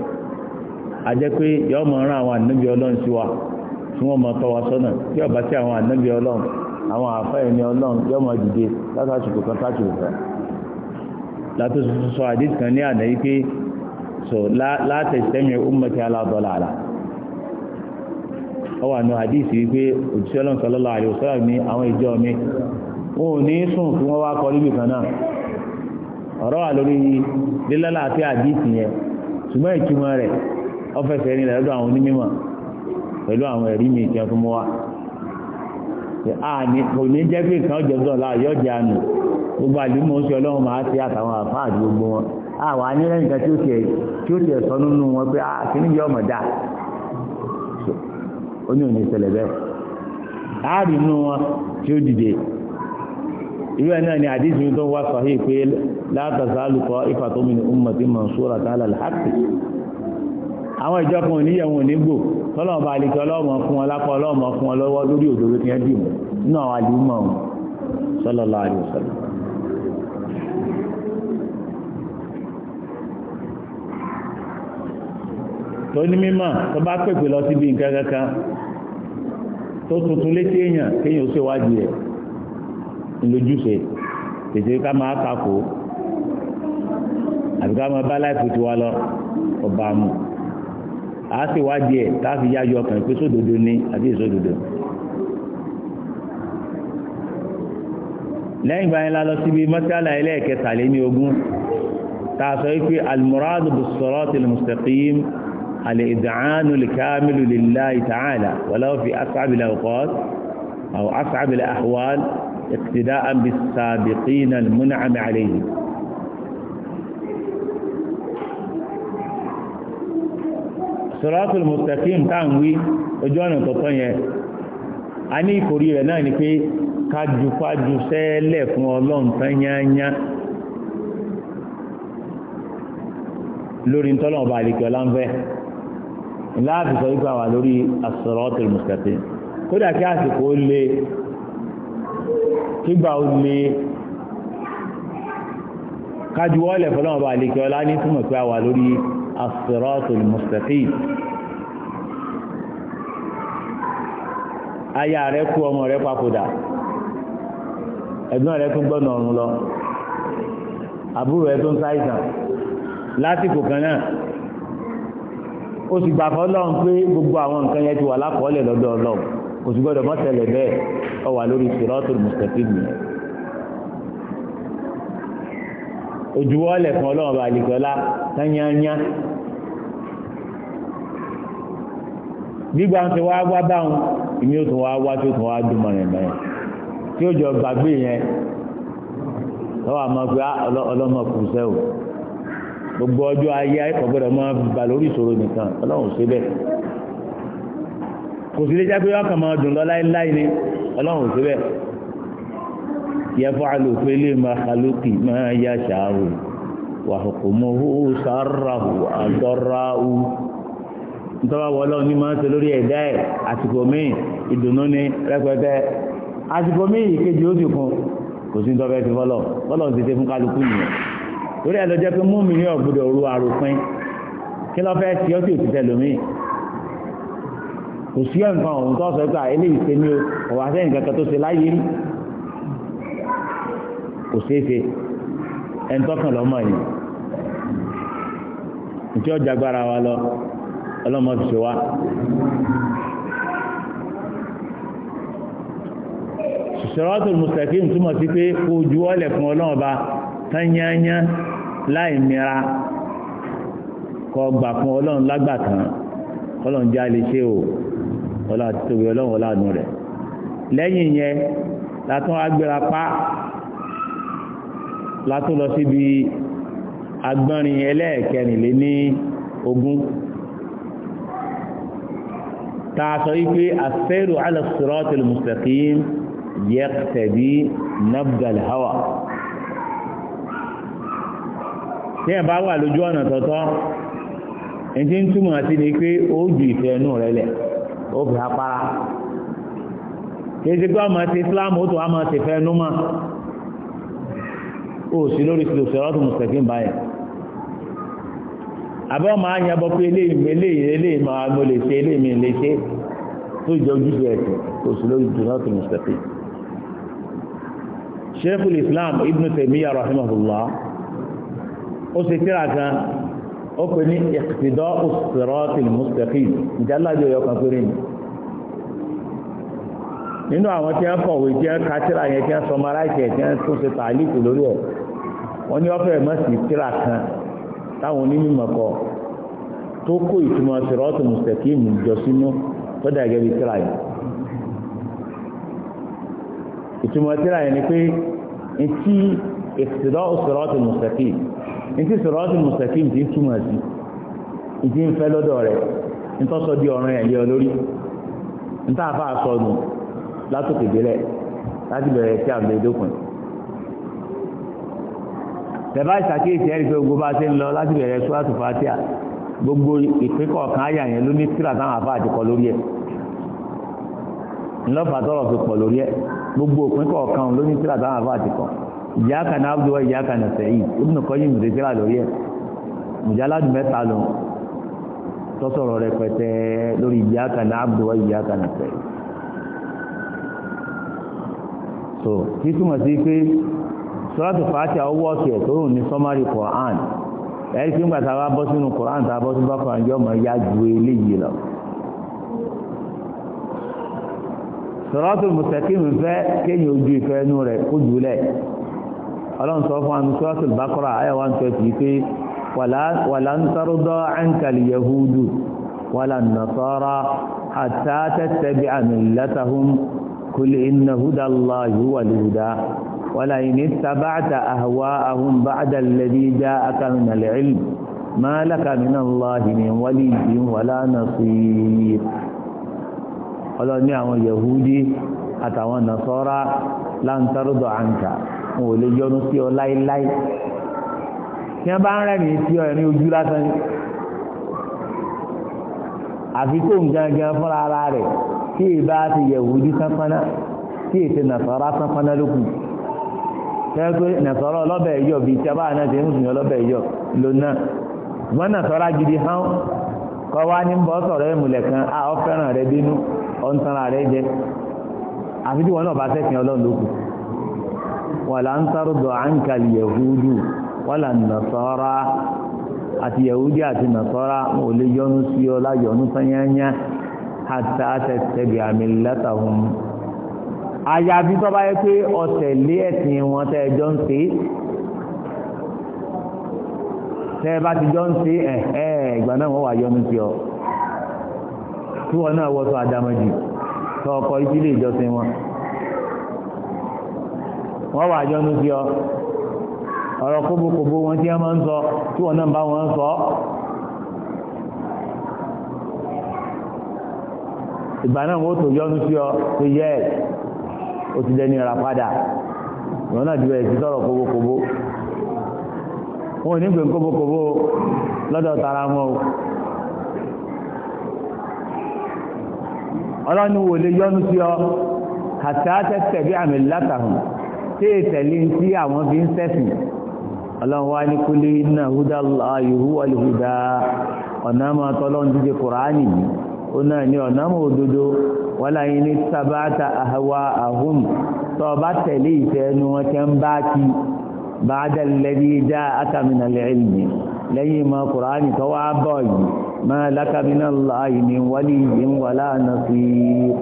àjẹ́ pé yọ́ mọ̀ ọ́n àwọn ànábì ọlọ́run sí wa tí wọ́n mọ̀ tọ́ wa sọ́nà tí ọba sí àwọn ànábì ọlọ́run àwọn àfẹ́ ẹni ọlọ́run yóò máa dìde látàṣùkò kan tàṣùkò kan látò sọ àdìsí kan ní àná pé so látẹ̀sítẹ́mi ummati ala dalala ọ wà nù àdìsí wípé òjíṣẹ́ ọlọ́run sallallahu alaihi wasallam ní àwọn ìjọ mi wọn ò ní sùn kí wọ́n wá kọ níbi kan náà ọ̀rọ̀ wà lórí lílọ́lá àti àdìsí yẹn ṣùgbọ́n ìtumọ̀ rẹ̀ ọ fẹsẹ̀ rìn lọ́dọ̀ àwọn onímọ̀ pẹ̀lú àwọn ẹ̀rí mi ìtìyàn tó wa. kò ní jẹ́ pé nǹkan ọjọ́ sọ̀rọ̀ láàyò ọjà nù gbogbo àdúgbò ń ṣe ọlọ́run máa ṣe àtàwọn àfáà àti gbogbo wọn àwọn anírẹ́ nǹkan tí ó tiẹ̀ tí ó tiẹ̀ sọ nínú wọn pé kíní yọ ọmọ dáa ó òní ìṣẹ̀lẹ̀ bẹ́ẹ̀ láàrin inú wọn tí ó dìde irú náà ni tó wá sọ àwọn ìjọ kan oníyẹ̀ wọn onígbò tọ́lọ́mọ bá lè kí ọlọ́mọ fún wọn lápá ọlọ́mọ fún wọn lọ́wọ́ lórí òdòdó tí wọ́n dì mọ́ nínú àwọn àlùmọ̀ wọn sallallahu alaihi wasallam. tó ní mímọ̀ tó bá pèpè lọ síbi nǹkan kankan tó tuntun létí èèyàn kéèyàn ó ṣèwádìí rẹ̀ ńlójúṣe tètè ká máa kàkó àbíká máa bá láìpẹ́ tiwa lọ ọba mu a sì wádìí ẹ̀ káfí yáyọ ọkàn pé sódodo ni àbí èsódodo lẹ́yìn ìgbà yẹn la lọ síbi mọ́sálà ẹlẹ́ẹ̀kẹta lé ní ogún tá a sọ wípé almuradu bisorati almustaqim alidacanu likamilu lillahi ta'ala walaw fi asaabila awqat aw asaabila ahwal iqtida'an bisaabiqina almun'ami alayhim. siratul mustaqim tá à ń wí ojú ọ̀nà tọ̀tọ̀ yẹn a ní ìkórí rẹ̀ náà ni pé kájúkájú sẹ́lẹ̀ fún ọlọ́run tán yányá lórí ntọ́lọ́run ọba àlèkè ọlá ń fẹ́ láàbì sọ wípé àwà lórí as-siratul as-siratul mustaqim aya rẹ̀ kú ọmọ rẹ̀ papòdà ẹ̀gbọ́n rẹ̀ tún gbọ́nà ọ̀run lọ àbúrò rẹ̀ tún ṣàìsàn lásìkò kan náà ó sì gbà fọ́ lọ́run pé gbogbo àwọn nǹkan yẹn ti wà lákọọ́lẹ̀ lọ́dọ̀ ọlọ́run kò sì gbọ́dọ̀ mọ́tẹ̀lẹ̀ bẹ́ẹ̀ ọ wà lórí siratul mustaqim nìyẹn ojúwọ́lẹ̀ fún ọlọ́run àlìkọ́lá tányányá gbígbà ń ti wá wá báwọn ìmí ó tún wá wá tí ó tún wá dúnmọ̀ rẹ̀ mẹ́rin tí ó jọ gbàgbé yẹn lọ́wọ́ àmọ́ ah, pé ọlọ́mọ kù sẹ́wò gbogbo ọjọ́ ayé ẹ̀kọ́ gbọ́dọ̀ máa bà lórí ìṣòro nìkan ọlọ́run ṣe bẹ́ẹ̀ kò sí lè jẹ́ pé ọkàn máa dùn lọ láéláé ni ọlọ́run ṣe bẹ́ẹ̀ yẹfọ́ àlòfin lè máa kálókì máa yá ṣàárò wàhùkùmọ́ ó sàárà àdọ́rà ó ntọ́wá wọlé òní máa ń ṣe lórí ẹ̀dá ẹ̀ àsìkò míì ìdùnnú ni rẹpẹtẹ àsìkò míì ìkejì ó sì fún kò sí ntọ́fẹ́ ti fọlọ́ fọlọ́ ti ṣe fún kálukú nìyẹn lórí ẹ̀ ló jẹ́ pé múmi ní ọ̀gbọ́dọ̀ ru àròpin kí lọ́fẹ́ tí ó sì òtítẹ́ lómi kò sí ẹ̀ǹkan òun tó sọ pé eléyìí ṣe ní o ọ̀wá sẹ́yìn kankan tó ṣe láyé rí kò ṣeé ṣe ẹ̀ǹtọ́kàn lọ́mọ yìí ìtí ọjà wa lọ ọlọ́mọ ti wá siratul mustaqim túmọ̀ sí pé kó ju ọ́lẹ̀ fún ọlọ́run ọba tányányá láì mira kọ gbà fún ọlọ́run lágbàtàn ọlọ́run já lè ṣe o ọlá tóbi ọlọ́run ọláàánú rẹ̀ lẹ́yìn yẹn látún agbéra pa látún lọ síbi agbọ́nrin ẹlẹ́ẹ̀kẹrìnlé ní ogún tààsọ wípé àfẹ́rù ala siratil mustaqim yaqtadi nabdal hawa tí ẹ̀ bá wà lójú ọ̀nà tọ́tọ́ ẹ̀tí ń túmọ̀ sí ni pé ó ju ìfẹ́ inú rẹ lẹ̀ ó fi apára kéde pé ọmọ ti Islam ó tó wá ti fẹ́ inú mọ́ ó sì lórí siratil báyìí àbẹ́ ọmọ àyàn bọ́ pé eléyìí eléyìí eléyìí máa mo lè ṣe eléyìí mi lè ṣe tó jẹ ojúṣe ẹ̀sìn kò sí lórí dùnà tó mú sẹ́fì. Sheikhul Islam Ibn Taymiyyah rahimahullah ó ṣe tíra kan ó pè ní Iqtida'u Siratil Mustaqim ìdálájọ ẹ̀yọ kan péré ni. nínú àwọn tí wọ́n kọ̀wé tí wọ́n ka tíra yẹn tí wọ́n sọmọ aláìsẹ̀ tí wọ́n tún ṣe tàlíkù lórí ẹ̀ wọ́n ní wọ́n fẹ́ẹ̀ tíra kan táwọn onímọ̀ kọ tó kó ìtumọ̀ sirọ́ọ̀tù mùsítẹ̀kìm jọ sínú tó dà gẹ́gẹ́ tíra ìtumọ̀ tíra ni pé etí ìtìlọ́ sirọ́ọ̀tù mùsítẹ̀kìm etí sirọ́ọ̀tù mùsítẹ̀kìm ti túmọ̀ sí ìdí ń fẹ́ lọ́dọ̀ rẹ̀ ntọ́sọ di ọ̀ràn ẹ̀ lé ọ lórí ntàfà sọnù látòkè délẹ̀ láti bẹ̀rẹ̀ sí àgbẹ̀dókùn tẹ̀bá ìsàkíyèsí ẹ̀rí pé gbogbo bá ṣe ń lọ láti bẹ̀rẹ̀ ṣúwàtù fatia gbogbo ìpín kọ̀ọ̀kan àyà yẹn ló ní tíra táwọn àfa àti kọ lórí ẹ̀ ńlọ́fà tọrọ fi pọ̀ lórí ẹ̀ gbogbo ìpín kọ̀ọ̀kan ló ní tíra táwọn àfa àti kọ ìyá kan náà abdul ìyá kan náà sẹ́yìn ibùdó kọ́ yìí mùsùlùmí tíra lórí ẹ̀ mùjáládùn mẹ́ta lòun tọ́sọ̀rọ̀ rẹ̀ pẹ̀tẹ́ lórí ìyá kan náà abdul ìyá kan náà sẹ́yìn sọ́láàtù fàáṣà owó ọ̀kẹ́ tó rùn ní sọ́márì Quran ẹ̀rí kí ń gbà tàbá bọ́ sínú Quran tàbá bọ́ sínú bákan àjọ ọmọ ya ju eléyìí lọ. sọ́láàtù mùsẹ̀kìm fẹ́ kéyìn ojú ìfẹ́ inú rẹ̀ kó jùlẹ̀ ọlọ́run sọ fún àmì sọ́láàtù bákọ́rà ayé wa ń sọ sí pé wàlá ń sárúdọ́ àǹkàlì yahudu wàlá nàṣọ́ra àtàtẹ́tẹ́bí àmì látàhùn kùlẹ̀ ìnáhùdà Allah yìí ولئن اتبعت أهواءهم بعد الذي جاءك من العلم ما لك من الله من ولي ولا نصير ọlọ́run ní àwọn yahudi àtàwọn nasọ́ra láǹtọ́rọ̀dọ̀ àǹkà wọn ò lè yọnu sí ọ láíláí tí wọ́n bá ń rẹ̀mí sí ọ ẹ̀rin ojú lásán àfi kó gangan fúnra ara rẹ̀ tí ì ti yahudi sánpáná tí ètè nasọ́ra sánpáná lókùn tẹ́gbẹ́ nàṣọ́rọ́ ọlọ́bẹ̀ yọ̀ bí tí a bá náà ṣe mùsùlùmí ọlọ́bẹ̀ yọ̀ lónà wọ́n nàṣọ́rọ́ agidi hán kọ́ wá ní bọ́ sọ̀rọ̀ ẹ̀mùlẹ̀ kan a ọ fẹ́ràn rẹ bínú ọ̀ ń tanra rẹ jẹ àfi tí wọn náà bá sẹ́sìn ọlọ́run lókù wàlà ń sárúdọ̀ àǹkàlì yẹ̀húdù wàlà nàṣọ́rọ́ àti yẹ̀húdì àti nàṣọ́rọ́ wọn ò lè yọnu sí ọ láyọ̀nu tányányá àti àtẹ̀tẹ̀bì àmì látàhùn àyàfi tó bá yẹ pé ọ̀sẹ̀ lé ẹ̀sìn wọn tẹ́ ẹjọ́ ń ṣe tẹ́ ẹ bá ti jọ ń ṣe ẹ̀ẹ́ ìgbà náà wọ́n wà yọnu sí ọ tí wọn náà wọ́sọ àdámọ́jì tó ọkọ̀ ìdílé ìjọsìn wọn wọ́n wà yọnu sí ọ ọ̀rọ̀ kóbókóbó wọn tí wọ́n máa ń sọ tí wọn náà bá wọn sọ ìgbà náà wọ́n tó yọnu sí ọ tó yẹ ẹ̀ ó ti dẹ́ni ra padà ìwọ̀n náà dìbẹ̀ ti sọ̀rọ̀ kóbókóbó wọn ò ní pè kóbókóbó lọ́dọ̀ tara mọ́ o ọlọ́ni wò lè yọ́nu sí ọ àtàtẹ́ tẹ̀bí àmì látàhùn tí ètẹ̀lé ń tí àwọn fi ń sẹ́sìn ọlọ́run wá ní kúlé iná húdà láàyè húwà lè húdà ọ̀nà máa tọ́lọ́ ń díje kùránì yìí ó náà ní ọ̀nà mọ̀ òdodo wala yín ní sábàtà àhàwà àhùn tó o bá tẹ̀lé ìfẹ́ ẹnu wọn tẹ́ ń bá ti bá a dá lẹ́bí dá akamina lẹ́yìn lẹ́yìn mọ́ kùránì tó wá bọ̀ yìí máa lákàmínà láàyè ní wálé yìí ń wà láàánà sí i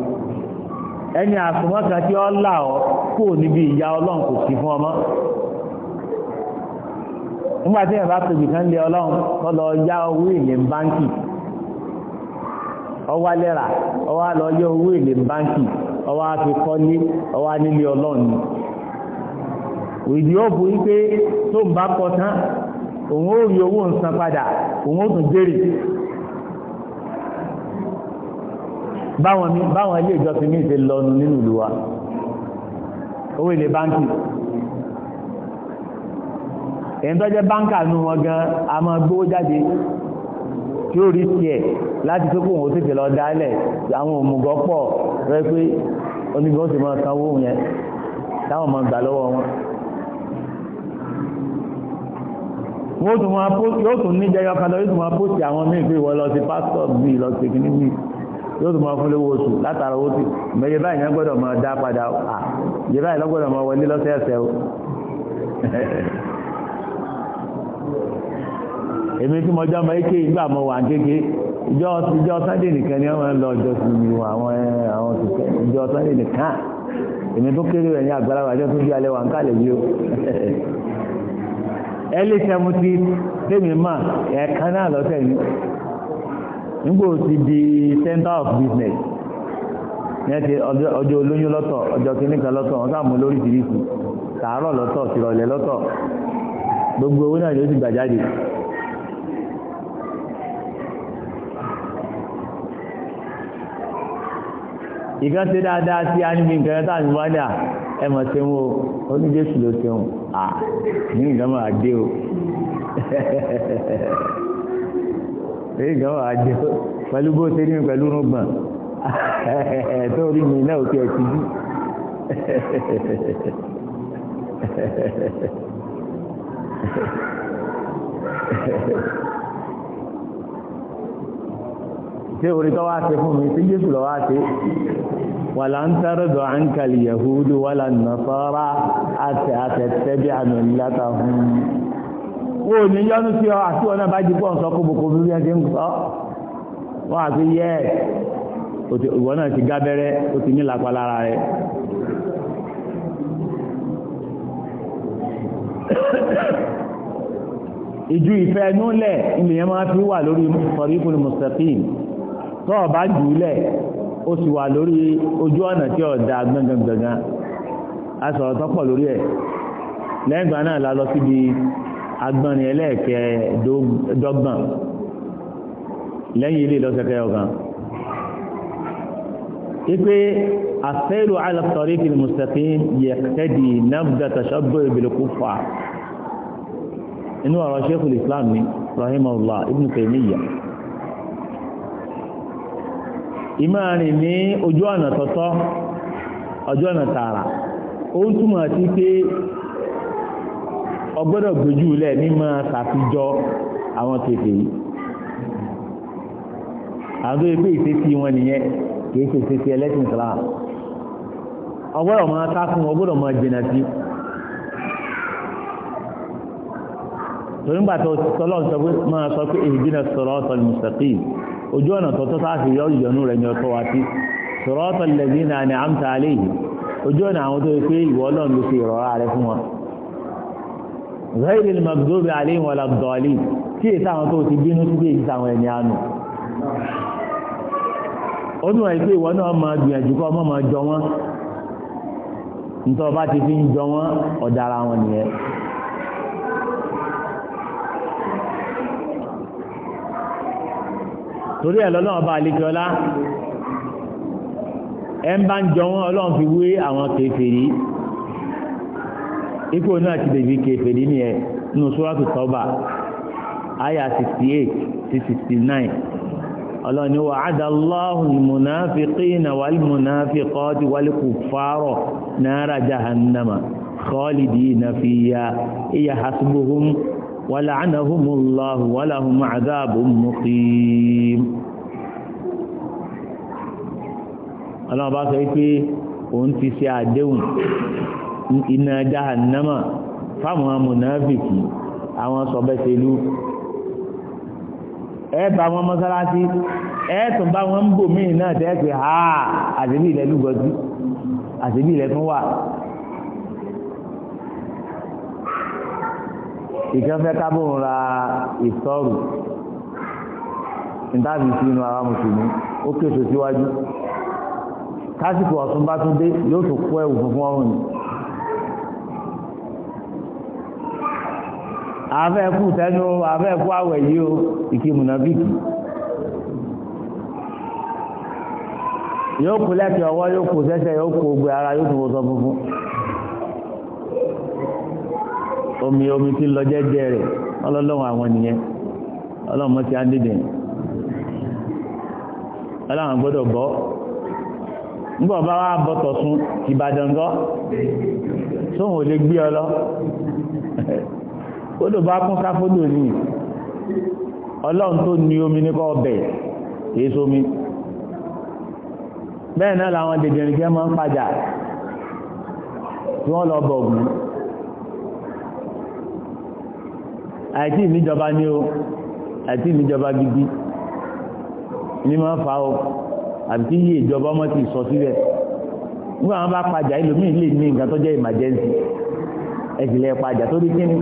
ẹni àsùnmọ́kan tí ó là ọ́ kò níbi ìyá ọlọ́run kò sí lé ọlọ́run kọ́ lọ yá owó ìlẹ̀ báńkì ọwá lẹ́ra ọwá lọ lé owó èlé báńkì ọwá fi kọ́ ní ọwá nílé ọlọ́run ìdí ó wípé tó ń bá kọ tán òun ó rí owó padà òun ó tún jèrè báwọn ilé ìjọsìn mi ṣe nínú ìlú wa owó èlé báńkì tí ó rí tiẹ̀ láti tó kó òun ó tètè lọ dálẹ̀ àwọn òmùgọ̀ pọ̀ rẹ pé oníbi wọn sì máa sanwó yẹn táwọn máa gbà lọ́wọ́ wọn. wọ́n tún máa pósì yóò tún níjẹ́ yọ kan lọ yóò tún máa pósì àwọn míì pé ìwọ lọ sí pásítọ̀ mi lọ sí kíní mi yóò tún máa fún lówó oṣù látara owó tì mẹ́yẹ báyìí yẹn gbọ́dọ̀ máa dá padà à yẹ báyìí lọ́gbọ́dọ̀ máa wọlé lọ́sẹ̀ẹ̀sẹ̀ o. èmi tí mo jẹ́ ọmọ eke ìgbà mo wà kéke ìjọ ìjọ sunday nìkan ni wọ́n lọ jọ sí mi àwọn àwọn tòkẹ́ ìjọ sunday nìkan èmi tó kéré rẹ̀ ní àgbàlagbà jọ tó di alẹ́ wà ń kálẹ̀ yìí o ẹlẹ́ sẹ́mùtì tèmi mà ẹ̀ẹ̀kan náà lọ́sẹ̀ ni nígbò ti di center of business ní ọjọ́ olóyún lọ́tọ̀ ọjọ́ kìnnìkan lọ́tọ̀ wọn sáà mú lórí tìrìsì tààrọ̀ lọ́tọ̀ tìrọ̀lẹ́ lọ́tọ̀ gbogbo owó náà yóò sì gbà jáde ìkan ṣe dáadáa sí a níbi nǹkan tá à ń wádà ẹ mọ̀ ṣe wo oníjésù ló ṣeun à ní nǹkan máa dé o pẹ̀lú bó ṣe ní pẹ̀lú rúgbọ̀n tó rí mi náà kí ẹ ti dí ṣé orí tó wá ṣe fún mi tí jésù lọ wá ṣe wàlá ń tẹ́rọ̀dọ̀ à ń kàlì yahudu wàlá nàṣọ́rà àti àtẹ̀tẹ́bí àmì ìlàta fún mi wọ́n ò ní yọ́nú sí ọ àti ọ̀nà bá jí pọ̀ ń sọ bí wíyá ti ń sọ wọ́n àti yẹ́ ìwọ náà ti máa fi wà lórí sọ̀rí ìpolùmọ̀sẹ̀pín tọ́ọ̀ bá jù ú lẹ̀ ó sì wà lórí ojú ọ̀nà tí ò da gbọ̀ngàn gbọ̀ngàn a sọ̀rọ̀ tọ́pọ̀ lórí ẹ̀ lẹ́gbàá náà la lọ síbi agbọ́nrin ẹlẹ́ẹ̀kẹ́ẹ̀dọ́gbọ̀n lẹ́yìn ilé ìlọ́sẹ̀kẹ́ ọ̀kan ipe asẹ́lù alàtọ̀rí fi mùsàkí yẹ náà tàṣọ́bọ̀ ìbìlìkú ìmáàrin ní ojú ọ̀nà tọ́tọ́ ojú ọ̀nà tààrà ó ń túmọ̀ sí pé ọgbọ́dọ̀ gbójú lẹ̀ mímọ́ ṣàfijọ àwọn tètè yìí àwọn tó yẹ pé ìṣesí wọn nìyẹn kì í ṣe ìṣesí ẹlẹ́sìn Islam ọgbọ́dọ̀ máa ká fún ọgbọ́dọ̀ máa jìnà sí torí ń gbà tó sọlọ́ọ̀ sọ pé máa sọ pé èyí jìnà sọ̀rọ̀ ọ̀sọ̀ ojú ọ̀nà tọ́tọ́ sáàfì yọ ìyọnu rẹ̀ ní ọtọ́ wa sí na lẹ́bí náà ni àmta alẹ́ yìí ojú ọ̀nà àwọn tó pé ìwọ ọlọ́run ló fi ìrọ̀rá rẹ fún wọn. zaire magdobi alẹ́ wọn la dọ̀ọ́lì èsì àwọn tó ti bínú sí bí èyí sáwọn ẹni àánú. ó pé ìwọ náà máa gbìyànjú kọ́ ọmọ jọ wọn nítorí torí ẹ̀ lọ́lọ́wọ́ bá àlejò ọlá ẹ ń bá ń jọ wọn ọlọ́run fi wé àwọn kèfèrí ipò náà ti dèbí kèfèrí nìyẹn nínú sóràtù tọ́ba àyà sixty eight sí sixty nine ọlọ́run ni wa'ada Allahu al-munafiqina wal-munafiqati wal-kuffara nara jahannama khalidina fiha iya hasbuhum. ولعنهم الله ولهم عذاب مقيم ọlọ́run bá sọ wípé òun ti ṣe àdéhùn iná jahannama fáwọn amúnáfìkì àwọn sọ̀bẹ́sẹ̀lú ẹ bá wọn mọ́sálásí ẹ tún bá wọn ń bò míì náà tẹ́ pé ha ilẹ̀ lúgọ́jú àṣíbí ilẹ̀ tún wà ìkẹfẹ́ kábò ń ra ìsọ́rù nítàbí sí inú ara mùsùlùmí ó késo síwájú kásìkò ọ̀tún bá tún dé yóò tún kó ẹ̀wù funfun ọrùn ni afẹ́ kú tẹnu afẹ́ kú àwẹ̀ yìí o ìkí mùnàbíkì yóò kú lẹ́kẹ̀ẹ́ ọwọ́ yóò kú sẹ́sẹ̀ yóò kú gbé ara yóò tún wọ́sọ funfun. omi omi tí lọ jẹ́jẹ́ rẹ̀ ọlọ́lọ́wọ́ àwọn nìyẹn ọlọ́mọ ti á dìde ọlọ́wọ́n gbọ́dọ̀ bọ́ nígbà bá wá bọ́ tọ̀sún Ìbàdàn gọ́ sóhun ò lè gbé ọ lọ odò bá kún sáfódò ní ọlọ́run tó ní omi ní kọ́ ọbẹ̀ èé sómi bẹ́ẹ̀ náà làwọn dèdè ìrìnkẹ́ máa ń padà tí wọ́n lọ bọ̀gùn àìtí ìníjọba ní o àìtí ìníjọba gidi ní máa fa o àbíkí yí ìjọba ọmọ ti sọ síbẹ̀ nígbà wọn bá pàjà ìlòmíì lè ní nǹkan tó jẹ́ emergency ẹ̀sìnlẹ̀ pàjà tó rí kíni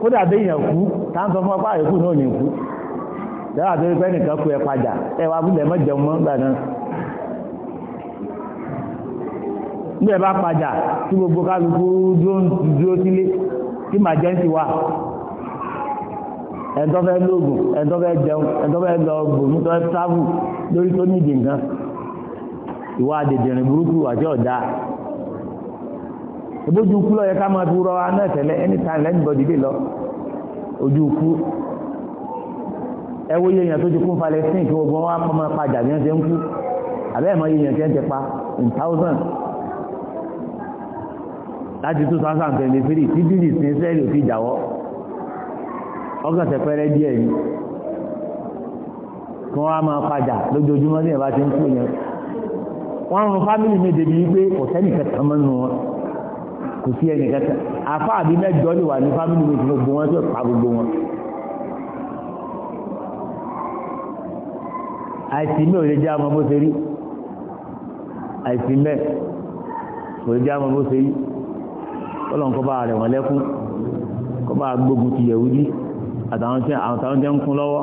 kódà bí èèyàn kú tá ń sọ fún ọpá àyòkù náà ní kú dára tó rí pé nìkan kú ẹ pàjà ẹ wá búlẹ̀ mọ́jọ mọ́ gbà náà níbẹ̀ bá pàjà tí gbogbo kálukú dúró sílé tí emergency wà ẹ̀ńtọ́ fẹ́ lóògùn ẹ̀ńtọ́ fẹ́ jẹun ẹ̀ńtọ́ fẹ́ lọ gbòmù tó fẹ́ tábù lórí tó nídìí nǹkan ìwà àdèdèrìn burúkú àti ọ̀dà ebójú kú lọ yẹ ká máa fi rọ aná ẹ̀tẹ̀lẹ̀ anytime lẹ́nìbọ̀dì dé lọ ojú kú ẹ wo iye èèyàn tó ti kún falẹ̀ sí ìkí ogun wa pọ́n máa padà bí wọ́n ṣe ń kú àbẹ́ ẹ̀mọ iye tí wọ́n ti pa in thousand láti two thousand twenty three tí bílì sí sẹ́ẹ̀lì òfin ìjàwọ́ ọkàn tẹ̀pẹ́rẹ́ díẹ̀ ni kí wọ́n á máa padà lójoojúmọ́ ní ìbá ti ń kú yẹn wọ́n rún fámìlì mi débi wípé kò sẹ́nì kẹta mọ́ nù wọn kò sí ẹnì kẹta àfa àbí mẹ́jọ lè wà ní fámìlì mi tí gbogbo wọn tó pa gbogbo wọn. àìsí mi ò lè jẹ́ ọmọ bó ṣe rí àìsí mẹ́ kò lè jẹ́ ọmọ bó ṣe rí kọ́lọ́n kọ́ bá rẹ̀ wọ́n lẹ́kún kọ́ bá gbógun ti yẹ̀wú dí àtàwọn tí àwọn táwọn jẹ́ ń kún lọ́wọ́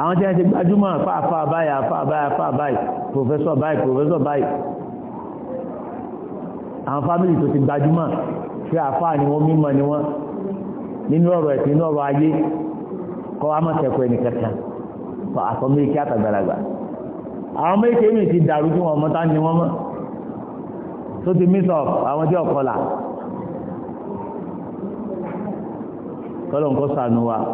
àwọn tí wọ́n ti gbajúmọ̀ fáfá báyìí àfá báyìí àfá báyìí pòfẹ́sọ̀ báyìí pòfẹ́sọ̀ báyìí àwọn fámìlì tó ti gbajúmọ̀ fi àfá ni wọ́n mímọ̀ ni wọ́n nínú ọ̀rọ̀ ẹ̀sìn nínú ọ̀rọ̀ ayé kọ́ wa mọ̀tẹ́kọ̀ ẹni kankan àtọ́ méjì àtàgbàlagbà àwọn méjì èyí ti dàrú kí wọ́n mọ́ta ni kọ́lọ̀ nǹkan n'ụwa wa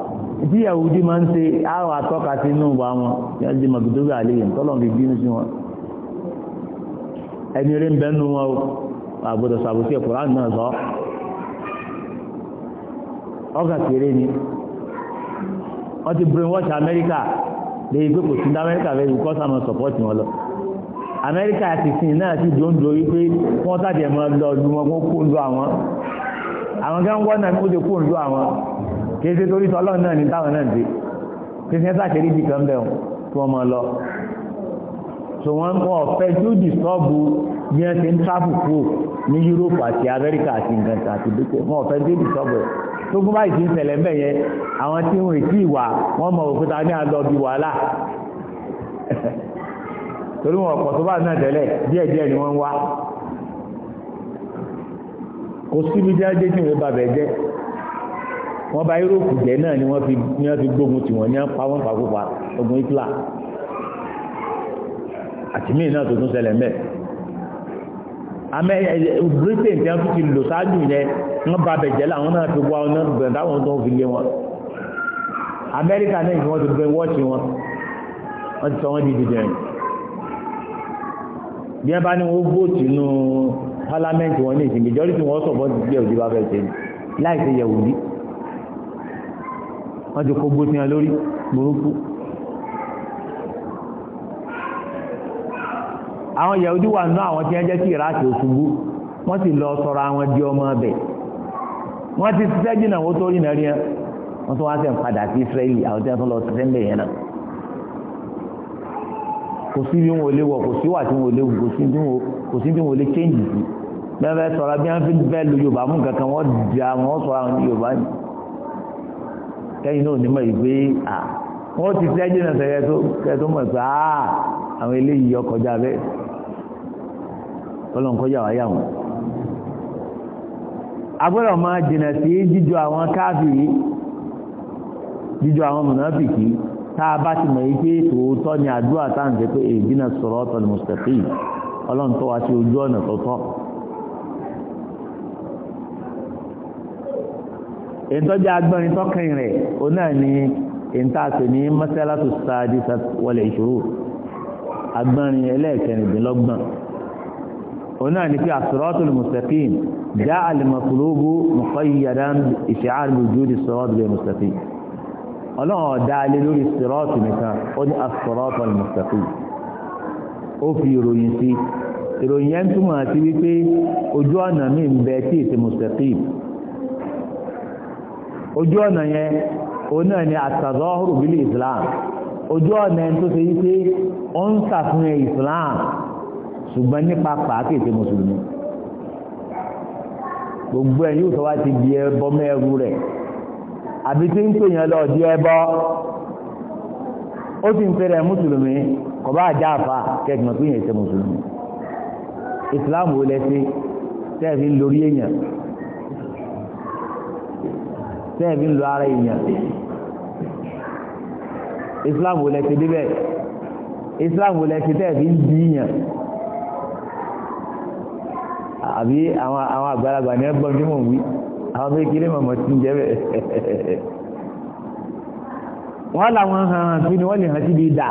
bí ụdị máa ń ṣe àwọn atọ́ka sí inú wa wọn yẹn di magdoga àleyìn kọ́lọ̀ fi bínú sí wọn ẹni rí ń bẹ́ wọn o àgbọ̀dọ̀ sàbòsí ẹ̀kúrán náà sọ ọgà kéré ni wọ́n ti brainwash amẹ́ríkà lè gbé kò sí ní kọ́ sàmọ́ support wọn lọ ti sìn náà wípé wọ́n wọn kó kó kìí ṣe torí tọ́lọ́ náà ní táwọn náà dé kìí ṣe sáà ṣeré kan bẹ̀rù tí wọ́n mọ̀ lọ so wọ́n kọ́ ọ̀fẹ́ tí ó dìstọ́bù bí wọ́n ti ń tábù kú ní Europe àti Amẹ́ríkà àti nǹkan àti dúkẹ́ wọ́n ọ̀fẹ́ tí ó dìstọ́bù rẹ̀ tó gún báyìí ti ń ṣẹlẹ̀ mbẹ̀ yẹn àwọn tí wọ́n èsì ìwà wọ́n mọ̀ òkúta ní àlọ́ bí wàhálà torí wọn ọ̀pọ̀ tó bá náà tẹ́lẹ̀ díẹ̀ díẹ̀ ni wọ́n wá kò síbi jẹ́ jẹ́ kí wọ́n jẹ́ wọ́n bá yúróòpù jẹ́ náà ni wọ́n fi ni wọ́n fi gbógun tì wọ́n ní apá wọn pàkópa ogun Hitler àtìmíì náà tó tún ṣẹlẹ̀ mẹ́ẹ̀ amẹ ẹ britain tí wọ́n fi lò ṣáájú yẹn wọ́n ba bẹjẹ làwọn náà fi wá ọ̀nà bẹ̀rẹ̀ táwọn tó fi lé wọn amẹ́ríkà náà ni wọ́n ti bẹ wọ́ọ̀tì wọn wọ́n ti sọ wọ́n di dìde rìn bí wọ́n bá ní wọ́n vóòtù nù pálámẹ́ǹtì wọn ní ìsìn majority wọn sọ̀bọ́n ti gbé òdìbò abẹ́ẹ̀tẹ̀ láì ṣe yẹ̀wò bíi wọ́n ti kó gbó sí wọn lórí burúkú àwọn yahudi wà nù àwọn tí wọ́n jẹ́ kí ìrákì òṣùgbú wọ́n sì lọ sọ̀rọ̀ àwọn di ọmọ ọbẹ̀ wọ́n ti ṣiṣẹ́ jìnnà wọ́n tó rìnà rí ẹ wọ́n tún wá sẹ̀ ń padà sí israẹli àwọn tí wọ́n tún lọ ṣiṣẹ́ ńbẹ̀ yẹn náà kò sí bí wọn ò lè wọ kò sí wà tí wọn ò lè wù kò sí bí wọn ò lè kéǹjì sí bẹ́ẹ̀ bẹ́ẹ̀ sọ̀rọ̀ bí wọ́n fi bẹ́ẹ̀ lu yorùbá mú kankan wọ́n di àwọn sọ̀rọ̀ àwọn yorùbá yìí kẹ́yìn náà onímọ̀ yìí pé à wọ́n ti tẹ́jú náà sẹ́yẹ tó kẹ́ tó mọ̀ pé à àwọn eléyìí ọkọjá bẹ́ẹ̀ ọlọ́run kọjá wá yà wọ́n. agbọ́dọ̀ máa jìnà sí jíjọ àwọn káàfìrí jíjọ àwọn mùnàfìkì tá a bá ti mọ̀ yìí pé tòótọ́ ni àdúrà táǹtẹ̀ pé èdè sọ̀rọ̀ ọ̀tọ̀ ìtọ́jú agbọ́nrin tọ́kàn rẹ̀ ó náà ní ìntàsí ní mọ́sálásù sáàdì wọlé ìṣòro agbọ́nrin ẹlẹ́ẹ̀kẹrìndínlọ́gbọ̀n ó náà ní pé àsọ̀rọ̀tò mùsẹ̀kìm já àlùmọ̀kúlógù mùkọ́yíyàdá ìṣẹ́àlù jùdì sọ̀rọ̀tò bẹ̀ mùsẹ̀kìm ọlọ́run ọ̀dá alẹ́ lórí sọ̀rọ̀tò nìkan ó ní àsọ̀rọ̀tò mùsẹ̀kìm ó fi ojú ọ̀nà yẹn òun náà ni àtàzọ́hùrù bílẹ̀ islam ojú ọ̀nà yẹn tó ṣe yí pé ó ń ṣàfihàn islam ṣùgbọ́n nípa pàákèsè mùsùlùmí gbogbo ẹ̀ yóò sọ wá ti di ẹbọ mẹ́rù rẹ̀ àbí tí ń pè yẹn lọ di ẹbọ ó ti ń fẹ́rẹ̀ mùsùlùmí kò bá àjá àfà kẹ́gbọ̀n pé yẹn ṣe mùsùlùmí islam wo lẹ́sí tẹ́ẹ̀ fi lórí èèyàn tẹ́ẹ̀ fi ń lo ara èèyàn islam wò lẹ́sẹ̀ débẹ̀ islam wò lẹ́sẹ̀ tẹ́ẹ̀ fi ń di èèyàn àbí àwọn àgbàlagbà ní ẹgbọ́n tí mò ń wí àwọn tó kéré mọ̀mọ́ tí ń jẹ́ bẹ̀ wọ́n làwọn hàn hàn sí ni wọ́n lè hàn síbi dà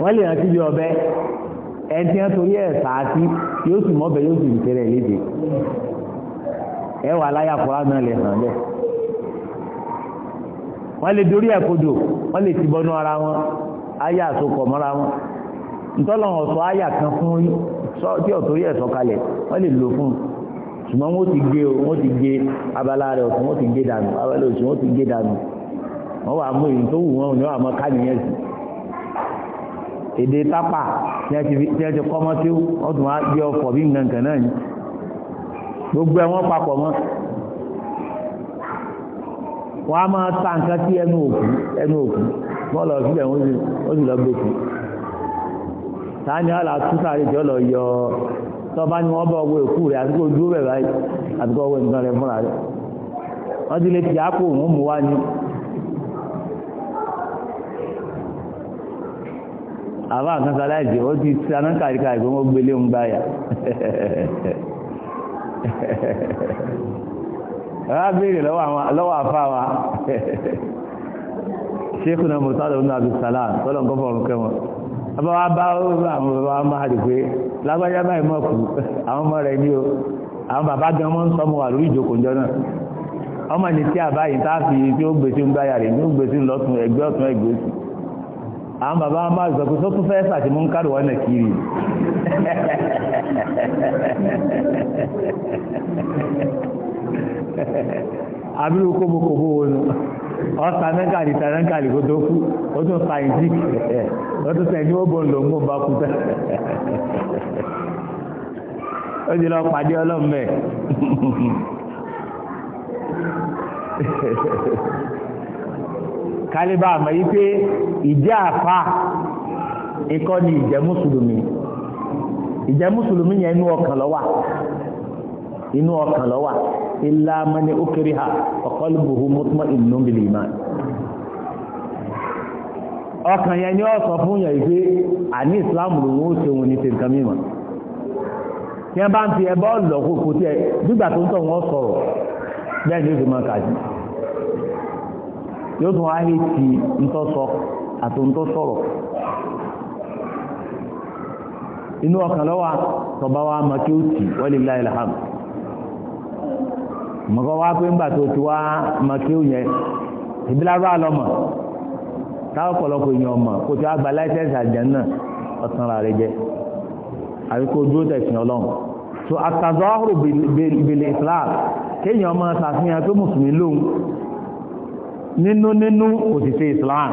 wọ́n lè hàn síbi ọbẹ̀ ẹni tí wọ́n torí ẹ̀ sáà sí yóò sì mọ́bẹ̀ yóò sì tẹ̀lé léde. ẹwà wà láyà kura náà lè hàn lẹ wọn lè dorí ẹkodò wọn lè ti bọnú ara wọn ayé àsopọ̀ mọra wọn ntọ́lọ́wọ̀n sọ ayé kan fún sọ tí ọ̀tọ́ yẹ sọ kalẹ̀ wọn lè lò fún ṣùgbọ́n ti gé wọ́n ti gé ti gé dànù abala òsì wọ́n ti dànù wà mú èyí tó wù sí èdè tápà ti kọ́ mọ́ tí tún wá gbé ọkọ̀ gbogbo ẹwọn papọ mọ wọ́n á máa ta nǹkan sí ẹnu òkú ẹnu òkú wọ́n lọ sì lọ gbé àlà lọ yọ ni wọ èkú dúró báyìí wọ nǹkan fúnra ti lè tì òun mú ní. àbá nǹkan sáláìsì a béèrè lọ́wọ́ àfá wa ṣékùnà mọ̀tàdà ọ̀nà àbìsàlá tọ́lọ̀ nǹkan fọ̀rùn bá àwọn bàbá máa rí pé báyìí àwọn ọmọ rẹ̀ ní o àwọn bàbá gan mọ́ ń lórí ọmọ tí àbáyìí a ọkụ, ọkụ àwọn bàbá máa zọ̀kú tó tún fẹ́ sàtí mú ń kàrò wọ́n kiri abúrú kóbókóbó wọnú ọ̀sà mẹ́kàlì tẹ̀rẹ́kàlì kó tó kú ó tún scientific ó tún sẹ́ni ó bọ̀ ń lò ń bọ̀ bá kú tẹ́ lọ pàdé ọlọ́mọ ẹ̀ kálíbà àmọ́ yí pé ìjẹ́ àfà ikọ́ ni ìjẹ́ mùsùlùmí ìjẹ́ mùsùlùmí yẹn inú ọkàn lọ́wà inú ọkàn lọ́wà ilá mẹ́ni ó kéré ha ọ̀kọ́lùbùhù mọ́túnmọ́ ìnú bìlì ìmá ọkàn yẹn ni ó sọ fún yẹn pé àní ìsìláàmù lòun ó ṣe òun ní ṣe nǹkan mímọ́ tí bá ń fi ẹbọ́ lọ́kòókò tí ẹ nígbà tó ń tọ̀ wọ́n sọ̀rọ̀ bẹ́ẹ̀ ni ó fi máa kà sí yóò tún wáyé ti ntọ́sọ àti ntọ́sọ̀rọ̀ inú ọkàn lọ́wọ́ tọba wa mọ̀ kí ó tì wọ́lé láì làhàm mọ̀kọ́ wá pé ńgbà tó ti wá mọ̀ kí ó yẹ ìbílára lọ́mọ̀ táwọn ọ̀pọ̀lọpọ̀ èèyàn mọ̀ kó ti wá gba láìsẹ̀nsì àjẹ́nà ọ̀tàn rà rẹ jẹ́ àríkó tẹ̀sìn ọlọ́run so àtàzọ́ ọ̀rọ̀ bèlè islam kéèyàn máa ṣàfihàn pé mùsùlùmí lóhun nínú nínú òtítẹ́ islam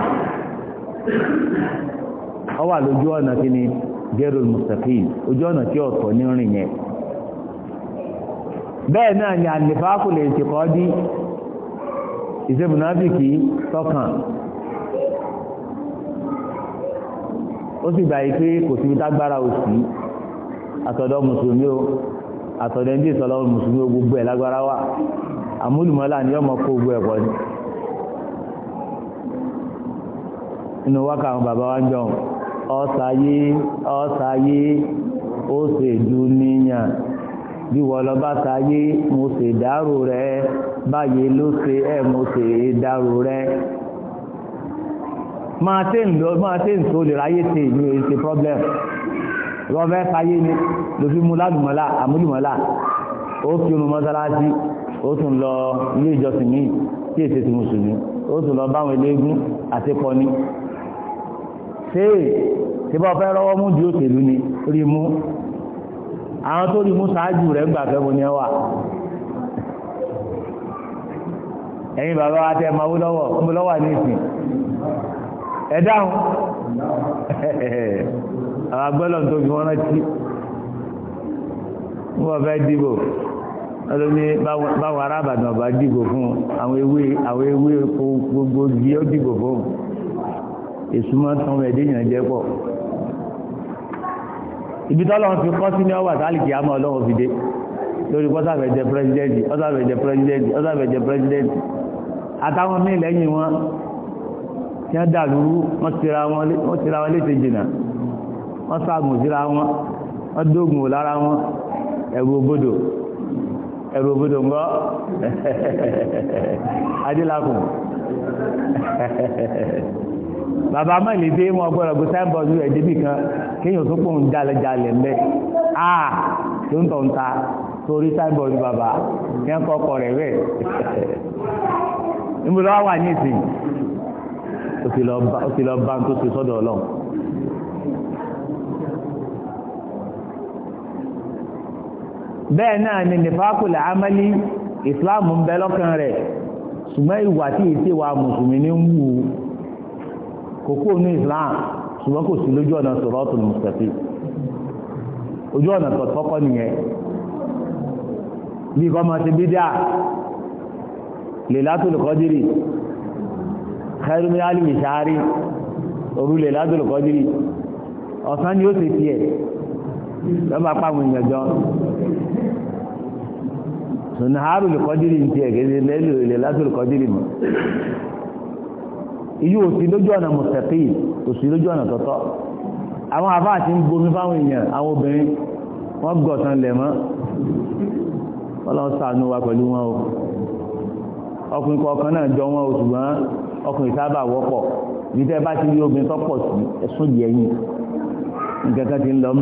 ọ wà lójú ọ̀nà kí ni gerald mustapha ojú ọ̀nà tí ọ̀tọ̀ ní rìn yẹn bẹ́ẹ̀ náà ni àlìfáàkù lè ti kọ́ dí ìsẹ́mùnáfíkì tọ́kàn ó sì gbà yí pé kò síbi tágbára òsì àtọ̀dọ̀ mùsùlùmí o àtọ̀dọ̀ ẹni tí ìsọ̀lọ́ mùsùlùmí o gbogbo ẹ̀ lágbára wà àmúlùmọ́lá ni yọ́mọ kó gbogbo ẹ̀kọ́ ni. inú wákà àwọn bàbá wa ń jọ ọ̀sàyé ọ̀sàyé ó sì ju níyàn bí wọ́n lọ bá sáyé mo sì dárò rẹ báyìí ló ṣe ẹ̀ mo sì dárò rẹ máa tẹ́ ǹdọ́ máa tẹ́ ǹtọ́ lè ráyé tẹ́ ní èsì problem rọ́bẹ́ sáyé ni ló fi mú ládùmọ́lá àmúlùmọ́lá ó fi oorun mọ́sálásí ó tún lọ ilé ìjọsìn míì tí èsì ti mùsùlùmí ó tún lọ báwọn eléégún àti pọ́ní tèè tí bá fẹ́ rọwọ́ mú di òṣèlú ni rí mú àwọn tó rí mú ṣáájú rẹ̀ gbà fẹ́ mo ní ẹwà ẹ̀yin bàbá wa tẹ́ máa wú lọ́wọ́ mú lọ́wọ́ ní ìsìn ẹ dáhùn àwọn agbọ́lọ̀ tó fi wọ́n rántí wọ́n fẹ́ dìbò báwọn arábàdàn bá dìbò fún àwọn ewé gbogbo yìí ó dìbò fún un èsùmọ́ tán ẹ̀dẹ́ yàn jẹ́ pọ̀ ibi tọ́lọ́run fi kọ́ sí ní ọwà sálìkì àmọ́ ọlọ́run fi dé lórí pọ́sàfẹ́ jẹ pírẹsidẹ́ntì ọ̀sàfẹ́ jẹ pírẹsidẹ́ntì ọ̀sàfẹ́ jẹ pírẹsidẹ́ntì àtàwọn míì lẹ́yìn wọn tí wọ́n dàlú wọ́n tira wọn léṣe jìnà wọ́n sàgùn síra wọn wọ́n dógùn lára wọn ẹ̀rù òbodò ẹ̀rù òbodò ńgọ́ adélakùn bàbá má lè dé wọn gbọ́dọ̀ gbé signboard rẹ̀ débì kan kéèyàn tó pòun jalẹ̀jalẹ̀ ń bẹ́ à tó ń tọ̀ǹta torí signboard bàbá yẹn kọ́ ọkọ rẹ̀ rẹ̀ níbùdó wà ní ìsìn ó ti lọ bá tó ti sọ́dọ̀ ọlọ́run bẹ́ẹ̀ náà ni nìfàkùlẹ̀ amẹ́lí ìsìláàmù ń bẹ lọ́kàn rẹ̀ ṣùgbọ́n ìwà tí ìsìwà mùsùlùmí ń wù ú kò kú ní islam ṣùgbọ́n kò sí lójú ọ̀nà siratul mustaqim ojú ọ̀nà tọ̀tọ́kọ́ nìyẹn bí kọ́ máa ti bídà Lailatul Qadri khairu min alfi shahri òru Lailatul Qadri ọ̀sán ni ó ti tiẹ̀ lọ́ba pàwọn èèyàn jọ èyí ò sí lójú ọ̀nà mùsẹ̀kì kò sí lójú ọ̀nà tọ́tọ́ àwọn àfáà ti ń bomi fáwọn èèyàn àwọn obìnrin wọ́n gọ̀tàn lẹ̀ mọ́ ọlọ́run ṣàánú wa pẹ̀lú wọn o ọkùnrin kọ̀ọ̀kan náà jọ wọn o ṣùgbọ́n ọkùnrin sábà wọ́pọ̀ ìdíjẹ́ bá ti rí obìnrin tó pọ̀ sí ẹ̀sùn yìí ẹ̀yìn nǹkan mo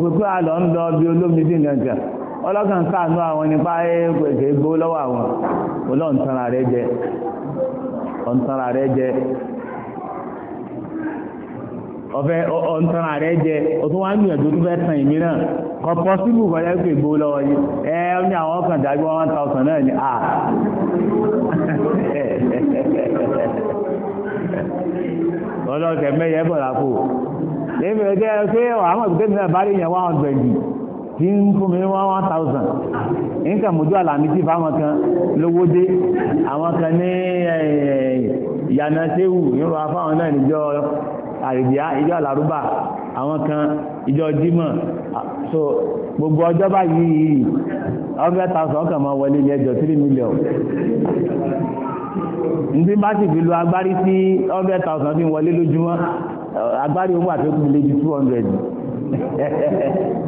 gbé pé àlọ́ ń lọ ọlọ́kàn káànú àwọn nípa ẹgbẹ̀gbẹ̀ gbó lọ́wọ́ àwọn olóǹtanra rẹ̀ jẹ ọ̀ǹtanra rẹ̀ jẹ ọ̀fẹ́ jẹ ọ̀tún wá ń gbìyànjú tó fẹ́ tan ìmí kọ pọ́síbù kọjá gbó lọ́wọ́ yìí ẹ ó àwọn ọkàn tí ń fún mi wọ́n one thousand nǹkan mọ̀jú àlàmì tí fáwọn kan lówó dé àwọn kan ní eh, ìyànà séwù ìrọ̀ afáwọn náà níjọ́ àrìbíá ìjọ àlàrúbà àwọn kan ìjọ jímọ̀ so gbogbo ọjọ́ báyìí hundred thousand ọkàn máa wọlé ní ẹjọ́ three million ndí bá sì fi lu agbárí sí hundred thousand fi wọlé lójúmọ́ agbárí owó àti okùn lè ju two hundred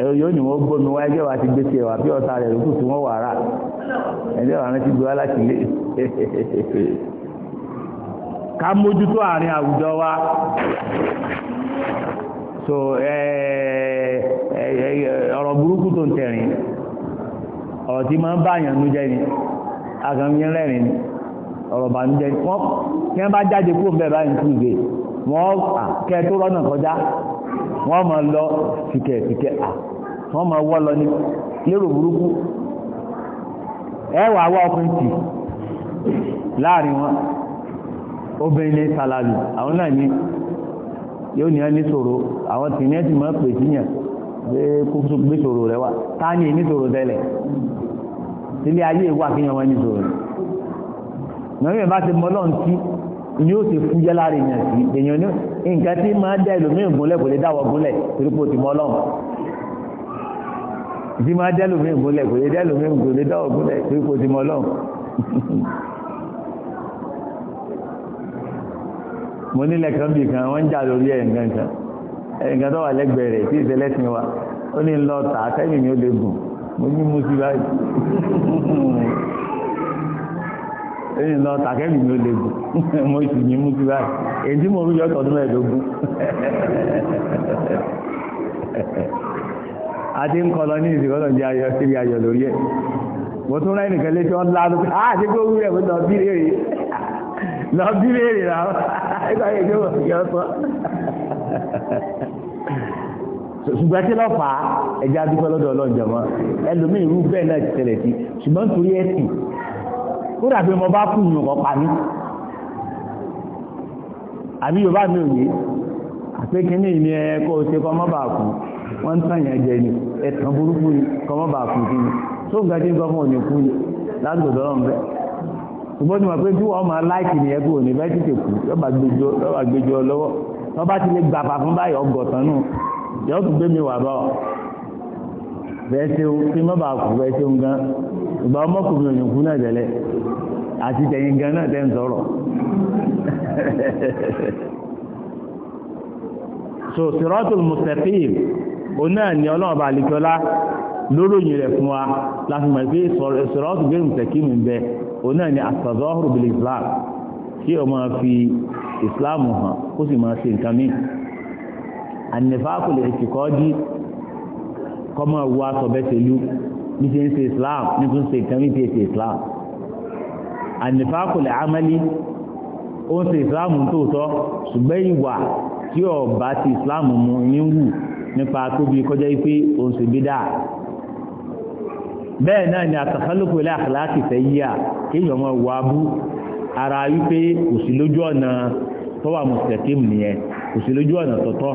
ẹ̀rọ yóò ní wọ́n gbómi wá ẹjọ́ wa ti gbé tiẹ̀ wá bí ọ̀tá rẹ̀ lókù tí wọ́n wà rà ẹjọ́ wa ti gbé wá láti lé ká mójútó àárín àwùjọ wa so ọ̀rọ̀ burúkú tó ń tẹ̀rìn ọ̀rọ̀ tí máa ń bá àyàn nújẹ́ ni agàmìyàn rẹ̀rìn ọ̀rọ̀ bà nújẹ́ ni wọ́n kí wọ́n bá jáde kúrò bẹ́ẹ̀ báyìí tún ìgbé wọ́n kẹ́ tó rọ́nà kọjá wọ́n ma lọ tìkẹ̀tìkẹ̀ wọ́n ma wọ́ lọ ní lérò burúkú ẹwà wá ọkùnrin tì láàrin wọn obìnrin ní sàlàlù àwọn náà ní yóò ní ẹni sọ̀rọ̀ àwọn tì ní máa pè síyàn gbé sọ̀rọ̀ rẹ̀ wá tá ní ẹni sọ̀rọ̀ tẹ́lẹ̀ sílé ayé wà kí wọ́n ní bá ti nǹkan tí máa dá ẹlòmíì gúnlẹ̀ kò lè dáwọ́ gúnlẹ̀ torí pé o ti mọ máa dá ẹlòmíì gúnlẹ̀ kò lè dá ẹlòmíì kò lè dáwọ́ gúnlẹ̀ torí pé o ti mọ ọlọ́run mo nílẹ̀ kan bì kan wọ́n ń jà lórí ẹ̀ nǹkan kan nǹkan tó wà lẹ́gbẹ̀ẹ́ rẹ̀ tí ìṣẹ̀lẹ̀ sin wa ó ní lọ tà á kẹ́yìn ni ó lè gùn mo ní mo ti báyìí. èyí lọ tàkẹ́lì mi ò gùn mo sì yín mú sí báyìí èyí mo rí yọ tọdún mẹ́ẹ̀ẹ́dógún àti ń kọ lọ ní ìsìnkọ́lọ̀ jẹ́ ayọ̀ síbi ayọ̀ lórí ẹ̀ mo tún rẹ́ nìkan létí wọn lánàá pé á àti gbogbo rẹ̀ mo lọ bí léèrè lọ bí léèrè rà ó ẹgbẹ́ ayé ìjọba ìjọ sọ ṣùgbọ́n tí lọ́fà ẹja dúpẹ́ lọ́dọ̀ ọlọ́njọ́ mọ́ ẹlòmíì irú bẹ́ẹ̀ náà ti tẹ̀lẹ̀ sí ṣùgbọ́n torí ẹ̀sìn kódà bí mo bá kú ìyànkọ̀ pa mí àbí yóò bá mi òye àpékiní ìní ẹ̀kọ́ òṣè kọmọ́bà kú wọ́n tàn yẹn jẹ ni ẹ̀tàn burúkú ni kọmọ́bà kú kí ni tó ń gajé gọmọ̀ òní kú ni látòdọ́ lọ́n bẹ́ ṣùgbọ́n ni wọ́n pé tí wọ́n máa láìkì ní ẹgbẹ́ òní bẹ́ẹ̀ tètè kú yọba gbẹjọ lọ́wọ́ wọ́n bá ti lè gbàpà fún báyìí ọgọ̀tàn nù yọ tún gbé mi wà bọ́ bẹ́ẹ̀ ṣe ń fi mọ́bà kú bẹ́ẹ̀ ṣe ń gan ìgbà ọmọkùnrin òyìnkú náà tẹ́lẹ̀ àti tẹ̀yìn gan náà tẹ́ ń sọ̀rọ̀ so siratul mustaqim òun náà ni ọlọ́run bá àlìkọ́lá lóróyìn rẹ̀ fún wa láti mọ̀ pé siratul gbé mustaqim ń bẹ òun náà ni àtàzọ́rù bil islam kí o máa fi islam hàn kó sì máa ṣe nǹkan mi ànífàkùlẹ̀ ìtìkọ́ dí kọ́ máa wọ aṣọ bẹ́tẹ̀lú ní ti ń ṣe islam ní tún ṣe nǹkan ní ti ṣe islam ànífàkùlẹ̀ amẹ́lí ó ń ṣe islam tòótọ́ ṣùgbọ́n ìwà tí ó bá ti islam mu ní wù nípa tóbi kọjá pé ó ń ṣe bídà bẹ́ẹ̀ náà ni àtàkálùkù ilé àkàlákì fẹ́ yíyà kéèyàn máa wà bú ara wípé kò lójú ọ̀nà tó mùsùlùmí nìyẹn kò lójú ọ̀nà tọ̀tọ̀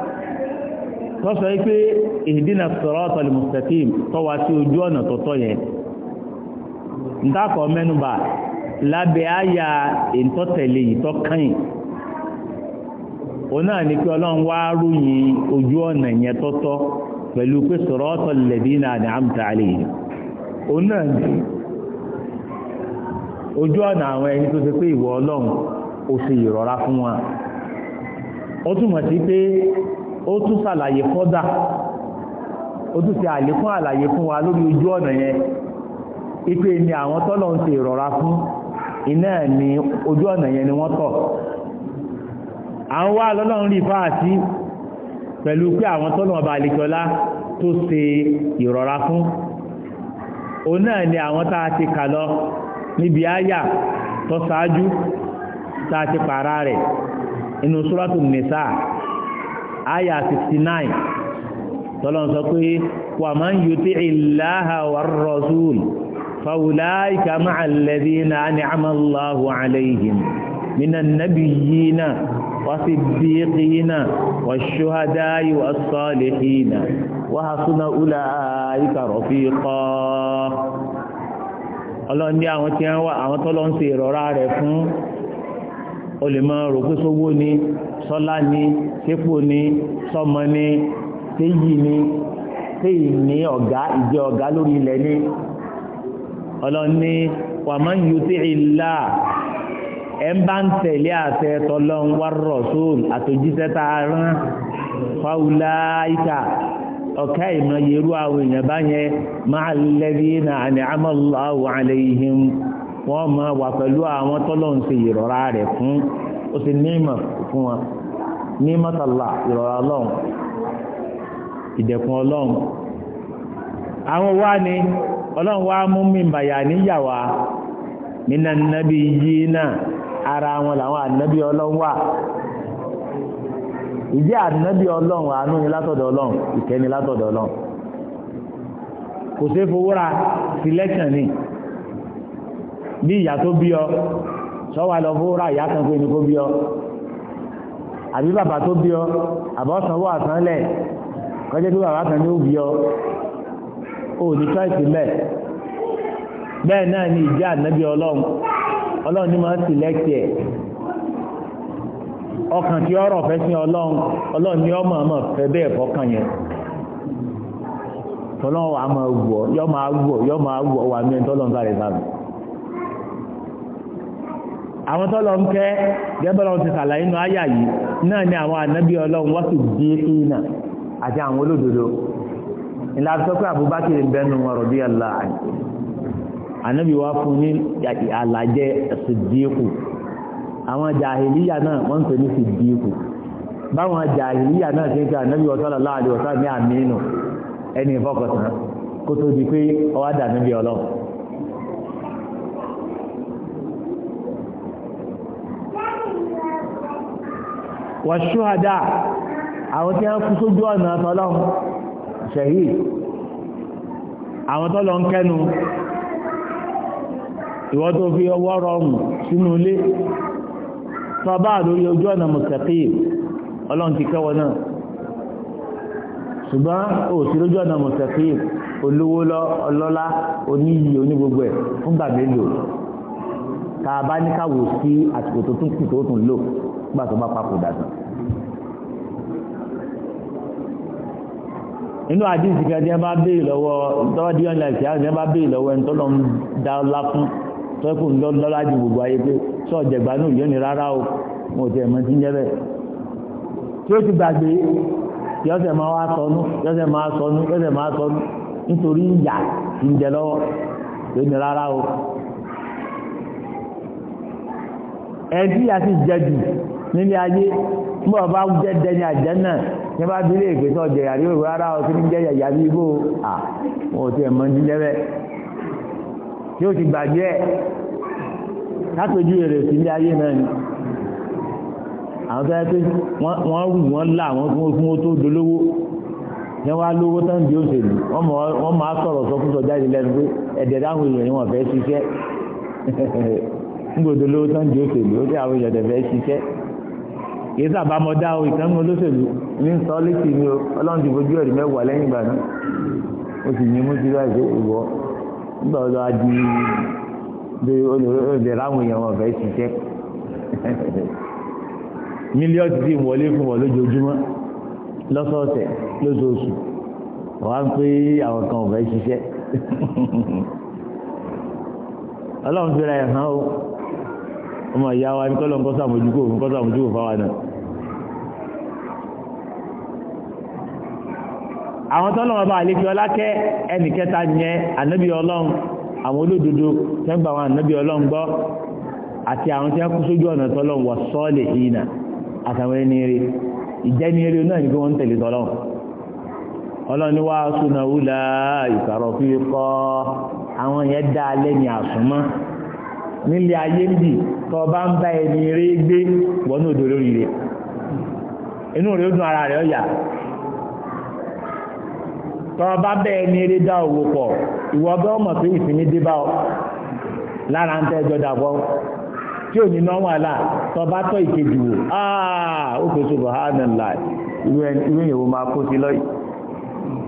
tọ́sọ̀ yìí pé ihdina siratal mustaqim tọ́wà sí ojú ọ̀nà tọ́tọ́ yẹn ntakọ̀ mẹ́nuba lábẹ́ àyà ìtọ́tẹ̀lé ìtọ́kàn òun náà ni pé ọlọ́run wá ròyìn ojú ọ̀nà yẹn tọ́tọ́ pẹ̀lú pé siratal ladina ọtọ náà ojú ọ̀nà àwọn ẹni tó ṣe pé ìwọ ọlọ́run fún wa ó ó tún ṣàlàyé kọ́dà ó tún ṣe àlékún àlàyé fún wa lórí ojú ọ̀nà yẹn ipe ni àwọn tọ́lọ̀ ń ṣe ìrọ̀ra fún iná ni ojú ọ̀nà yẹn ni wọ́n tọ̀ àwọn wá lọ́lọ́run rí fáàtí pẹ̀lú pé àwọn tọ́lọ̀ ọba àlejọ́lá tó ṣe ìrọ̀ra fún òun náà ni àwọn tá a ti kà lọ níbi àyà tó ṣáájú tá a ti pààrà rẹ̀ inú Suratul Nisa àyà sixty nine tọ́lọ́ sọ pé wà máa ń yuti ìlàhà wà rọ̀ṣùl fàwùlà ìkàmà àlẹ́bí náà ní àmàláhù àlẹ́yìn من النبيين والصديقين والشهداء والصالحين وحسن أولئك رفيقا ọlọ́run ní àwọn tí wọ́n wà àwọn tọ́lọ́ ń ṣe ìrọ̀rá rẹ̀ fún olèmọ̀ rògbòsówó ni sọ́lá ni sípò ni sọmọ ni téyì ni téyì ni ọ̀gá ìjẹ́ ọ̀gá lórí ilẹ̀ ni ọlọ́ni wàmọ́ yìí tí ìlà ẹ̀ ń bá ń tẹ̀lé àṣẹ tọlọ́n wárọ̀ sóòlù àtòjíṣẹ́ tá a rán fáwùláìkà ọ̀ká ìmọ̀ yẹ̀rú àwọn èèyàn bá yẹn máa lẹ́bí na àní amọ́láwọ̀ àlẹ́yìn wọ́n máa wà pẹ̀lú àwọn tọ́lọ́n ṣe ìrọ̀rá rẹ̀ fún ó sì ní ìmọ̀ fún wọn ní mọ́tàlá ìrọ̀rọ̀ ọlọ́run ìdẹ̀kùn ọlọ́run àwọn wá ní ọlọ́run wá mú mi níyàwá ara wọn làwọn ànábì ọlọ́run wà ìjẹ́ ànábì ọlọ́run àánú ni látọ̀dọ̀ ọlọ́run ìkẹ́ ni látọ̀dọ̀ ọlọ́run kò sí fowóra ni bí ìyá tó bí ọ sọ wà lọ fowóra ìyá kan àbí bàbá tó bí ọ àbọ̀ sanwó àsánlẹ̀ kọjá bí bàbá kan ní ó bí ọ ò ní choice mẹ́ bẹ́ẹ̀ náà ni ìjẹ́ ànábì ọlọ́run ọlọ́run ní máa ń select ẹ̀ ọkàn tí ọ̀rọ̀ fẹ́ sí ọlọ́run ọlọ́run ní ọmọ ọmọ fẹ́ bẹ́ẹ̀ fọkàn yẹn tọ́lọ́run àmọ́ wọ̀ yọ́ máa wọ̀ yọ́ máa wọ̀ wà mí ẹ̀ tọ́lọ́run bá rẹ̀ sáà àwọn tọ́lọ ń kẹ́ gẹ́bẹ̀rẹ̀ ti sàlàyé inú àyà yìí náà ni àwọn ànábì ọlọ́run wọ́n sì di ìnà àti àwọn olódodo ìlà sọ pé Abubakar ń bẹnu wọn rọ̀bí ọ̀la ànábì wa fún ní àlàjẹ sídìíkù àwọn jàhìlíyà náà wọ́n ń pè ní sídìíkù báwọn jàhìlíyà náà ṣe ń pè ànábì ọ̀sán lọ́la àdìọ̀sán àmì inú ẹni ìfọkànsán kó tó di pé ọwádà ànábì ọlọ́run wà ṣúhàdá àwọn tí wọ́n kú sójú ọ̀nà tọ́lọ́ ṣẹ̀hí àwọn tọ́lọ́ ń kẹ́nu ìwọ́ tó fi ọwọ́ rọrùn sínú ilé tọ́bá lórí ojú ọ̀nà mùsẹ̀kì ọlọ́run ti kẹ́wọ́ náà ṣùgbọ́n ò sí lójú ọ̀nà mùsẹ̀kì olówó ọlọ́lá oníyì onígbogbo ẹ̀ fúngbà mélòó tá bá ní káwò sí àsìkò tó tún kù tó tún lò nígbà tó bá papòdà tán. inú àdìsí kan tí wọ́n bá béè lọ́wọ́ tọ́wọ́ díẹ̀ ńlá ìṣẹ́ àti wọ́n bá béè lọ́wọ́ ẹni tọ́lọ́ ń da ọlá fún tọ́kù ń lọ́lá ju gbogbo ayé pé sọ́ọ̀jẹ̀gbá náà yóò ní rárá o mo ti ẹ̀mọ́ ti ń jẹ́ bẹ́ẹ̀. tí ó ti gbàgbé yọ́sẹ̀ máa wá sọnù yọ́sẹ̀ máa sọnù yọ́sẹ̀ máa sọnù nítorí ìyà ń jẹ lọ́wọ́ yóò ní rárá o. ẹ̀dí àti jẹ́jù nílé ayé mbọ bá jẹ dẹni àjẹnà ní bá bí ilé ìpèsè ọjà yàrá ìwé rárá o ti ní jẹ yàyà bí ibò à wọn ò tiẹ̀ mọ ní lẹ́rẹ́ tí ó ti gbàgbé ẹ̀ lápẹjú èrè sí ilé ayé náà ni àwọn tó yẹ pé wọ́n rù wọ́n là wọ́n fún fún tó dolówó ní wọ́n lówó tán di òṣèlú wọ́n máa sọ̀rọ̀ sọkúsọ jáde lẹ́nu pé ẹ̀dẹ̀ dáhùn èèyàn ni fẹ́ ṣiṣẹ́ ń gbòdo lówó tán di òṣèlú ó dé àwọn èèyàn fẹ́ ṣiṣẹ́ kì í sábà mọ dá o ìkànnì olóṣèlú ní sọ létí ni o ọlọ́run ti fojú ẹ̀rí mẹ́wàá lẹ́yìn ìgbà náà o sì yín mú sí láìsí ìwọ nígbà wo lọ́wọ́ di olùdè láwọn èèyàn wọn fẹ́ ṣiṣẹ́ mílíọ̀tì tí ìwọlé fún wọn lójoojúmọ́ lọ́sọ̀ọ̀sẹ̀ lóṣooṣù wọ́n á ń pé àwọn kan ò fẹ́ ṣiṣẹ́ ọlọ́run fi ra ẹ̀sán o ọmọ ìyá wa ní kọ́lọ̀ ń kọ́ sàmójúkò ń kọ́ sàmójúkò fáwa náà. àwọn tọ́lọ̀ ọba àlejò ọlákẹ́ ẹnì kẹta yẹn ànábì ọlọ́run àwọn olódodo tẹ́ ń gba àwọn ànábì ọlọ́run gbọ́ àti àwọn tí wọ́n kú sójú ọ̀nà tọ́lọ̀ wọ̀ sọ́ọ̀lì ìyìnà àtàwọn ẹni rí ìjẹ́ ní eré náà ní kí wọ́n tẹ̀lé tọ́lọ̀ ọlọ́run ni wàá súnà wúlà ìkàrọ̀ fi kọ́ àwọn yẹn dá alẹ́ ní àsùnmọ́ nílé ayé ń bì tó bá ń bá ẹni eré gbé wọnú odò lórí rẹ̀ inú rẹ̀ ó dùn ara rẹ̀ ọ̀yà tó bá ẹni eré dá òwò pọ̀ ìwọ bẹ́ ọmọ pé ìsinmi dé bá ọ lára ń dàbọ̀ tí ò ní ná wàhálà tó bá tọ́ ìkejì wò áà ó fèsò bọ̀ hánà láì ìyẹ̀wò máa kó sí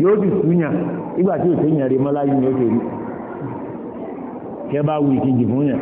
yóò sì tí òṣèyàn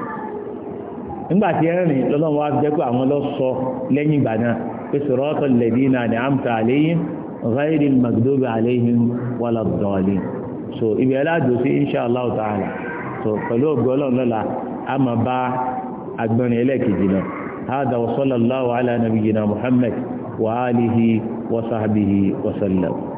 nígbàtí ẹ̀rìn lọ́lọ́run wá jẹ́ pé àwọn lọ sọ lẹ́yìn ìgbà náà pé sọ̀rọ̀tọ̀ lẹ̀bí náà ní àmta àléyìn ráìrì magdobi àléyìn wàlá dọ̀ọ̀lì so ibi aládùn sí inṣàlá ta'ala so pẹ̀lú ọgbọ́n lọ́la a máa bá agbọ́nrin ẹlẹ́kejì náà هذا وصلى الله على نبينا محمد وآله وصحبه وسلم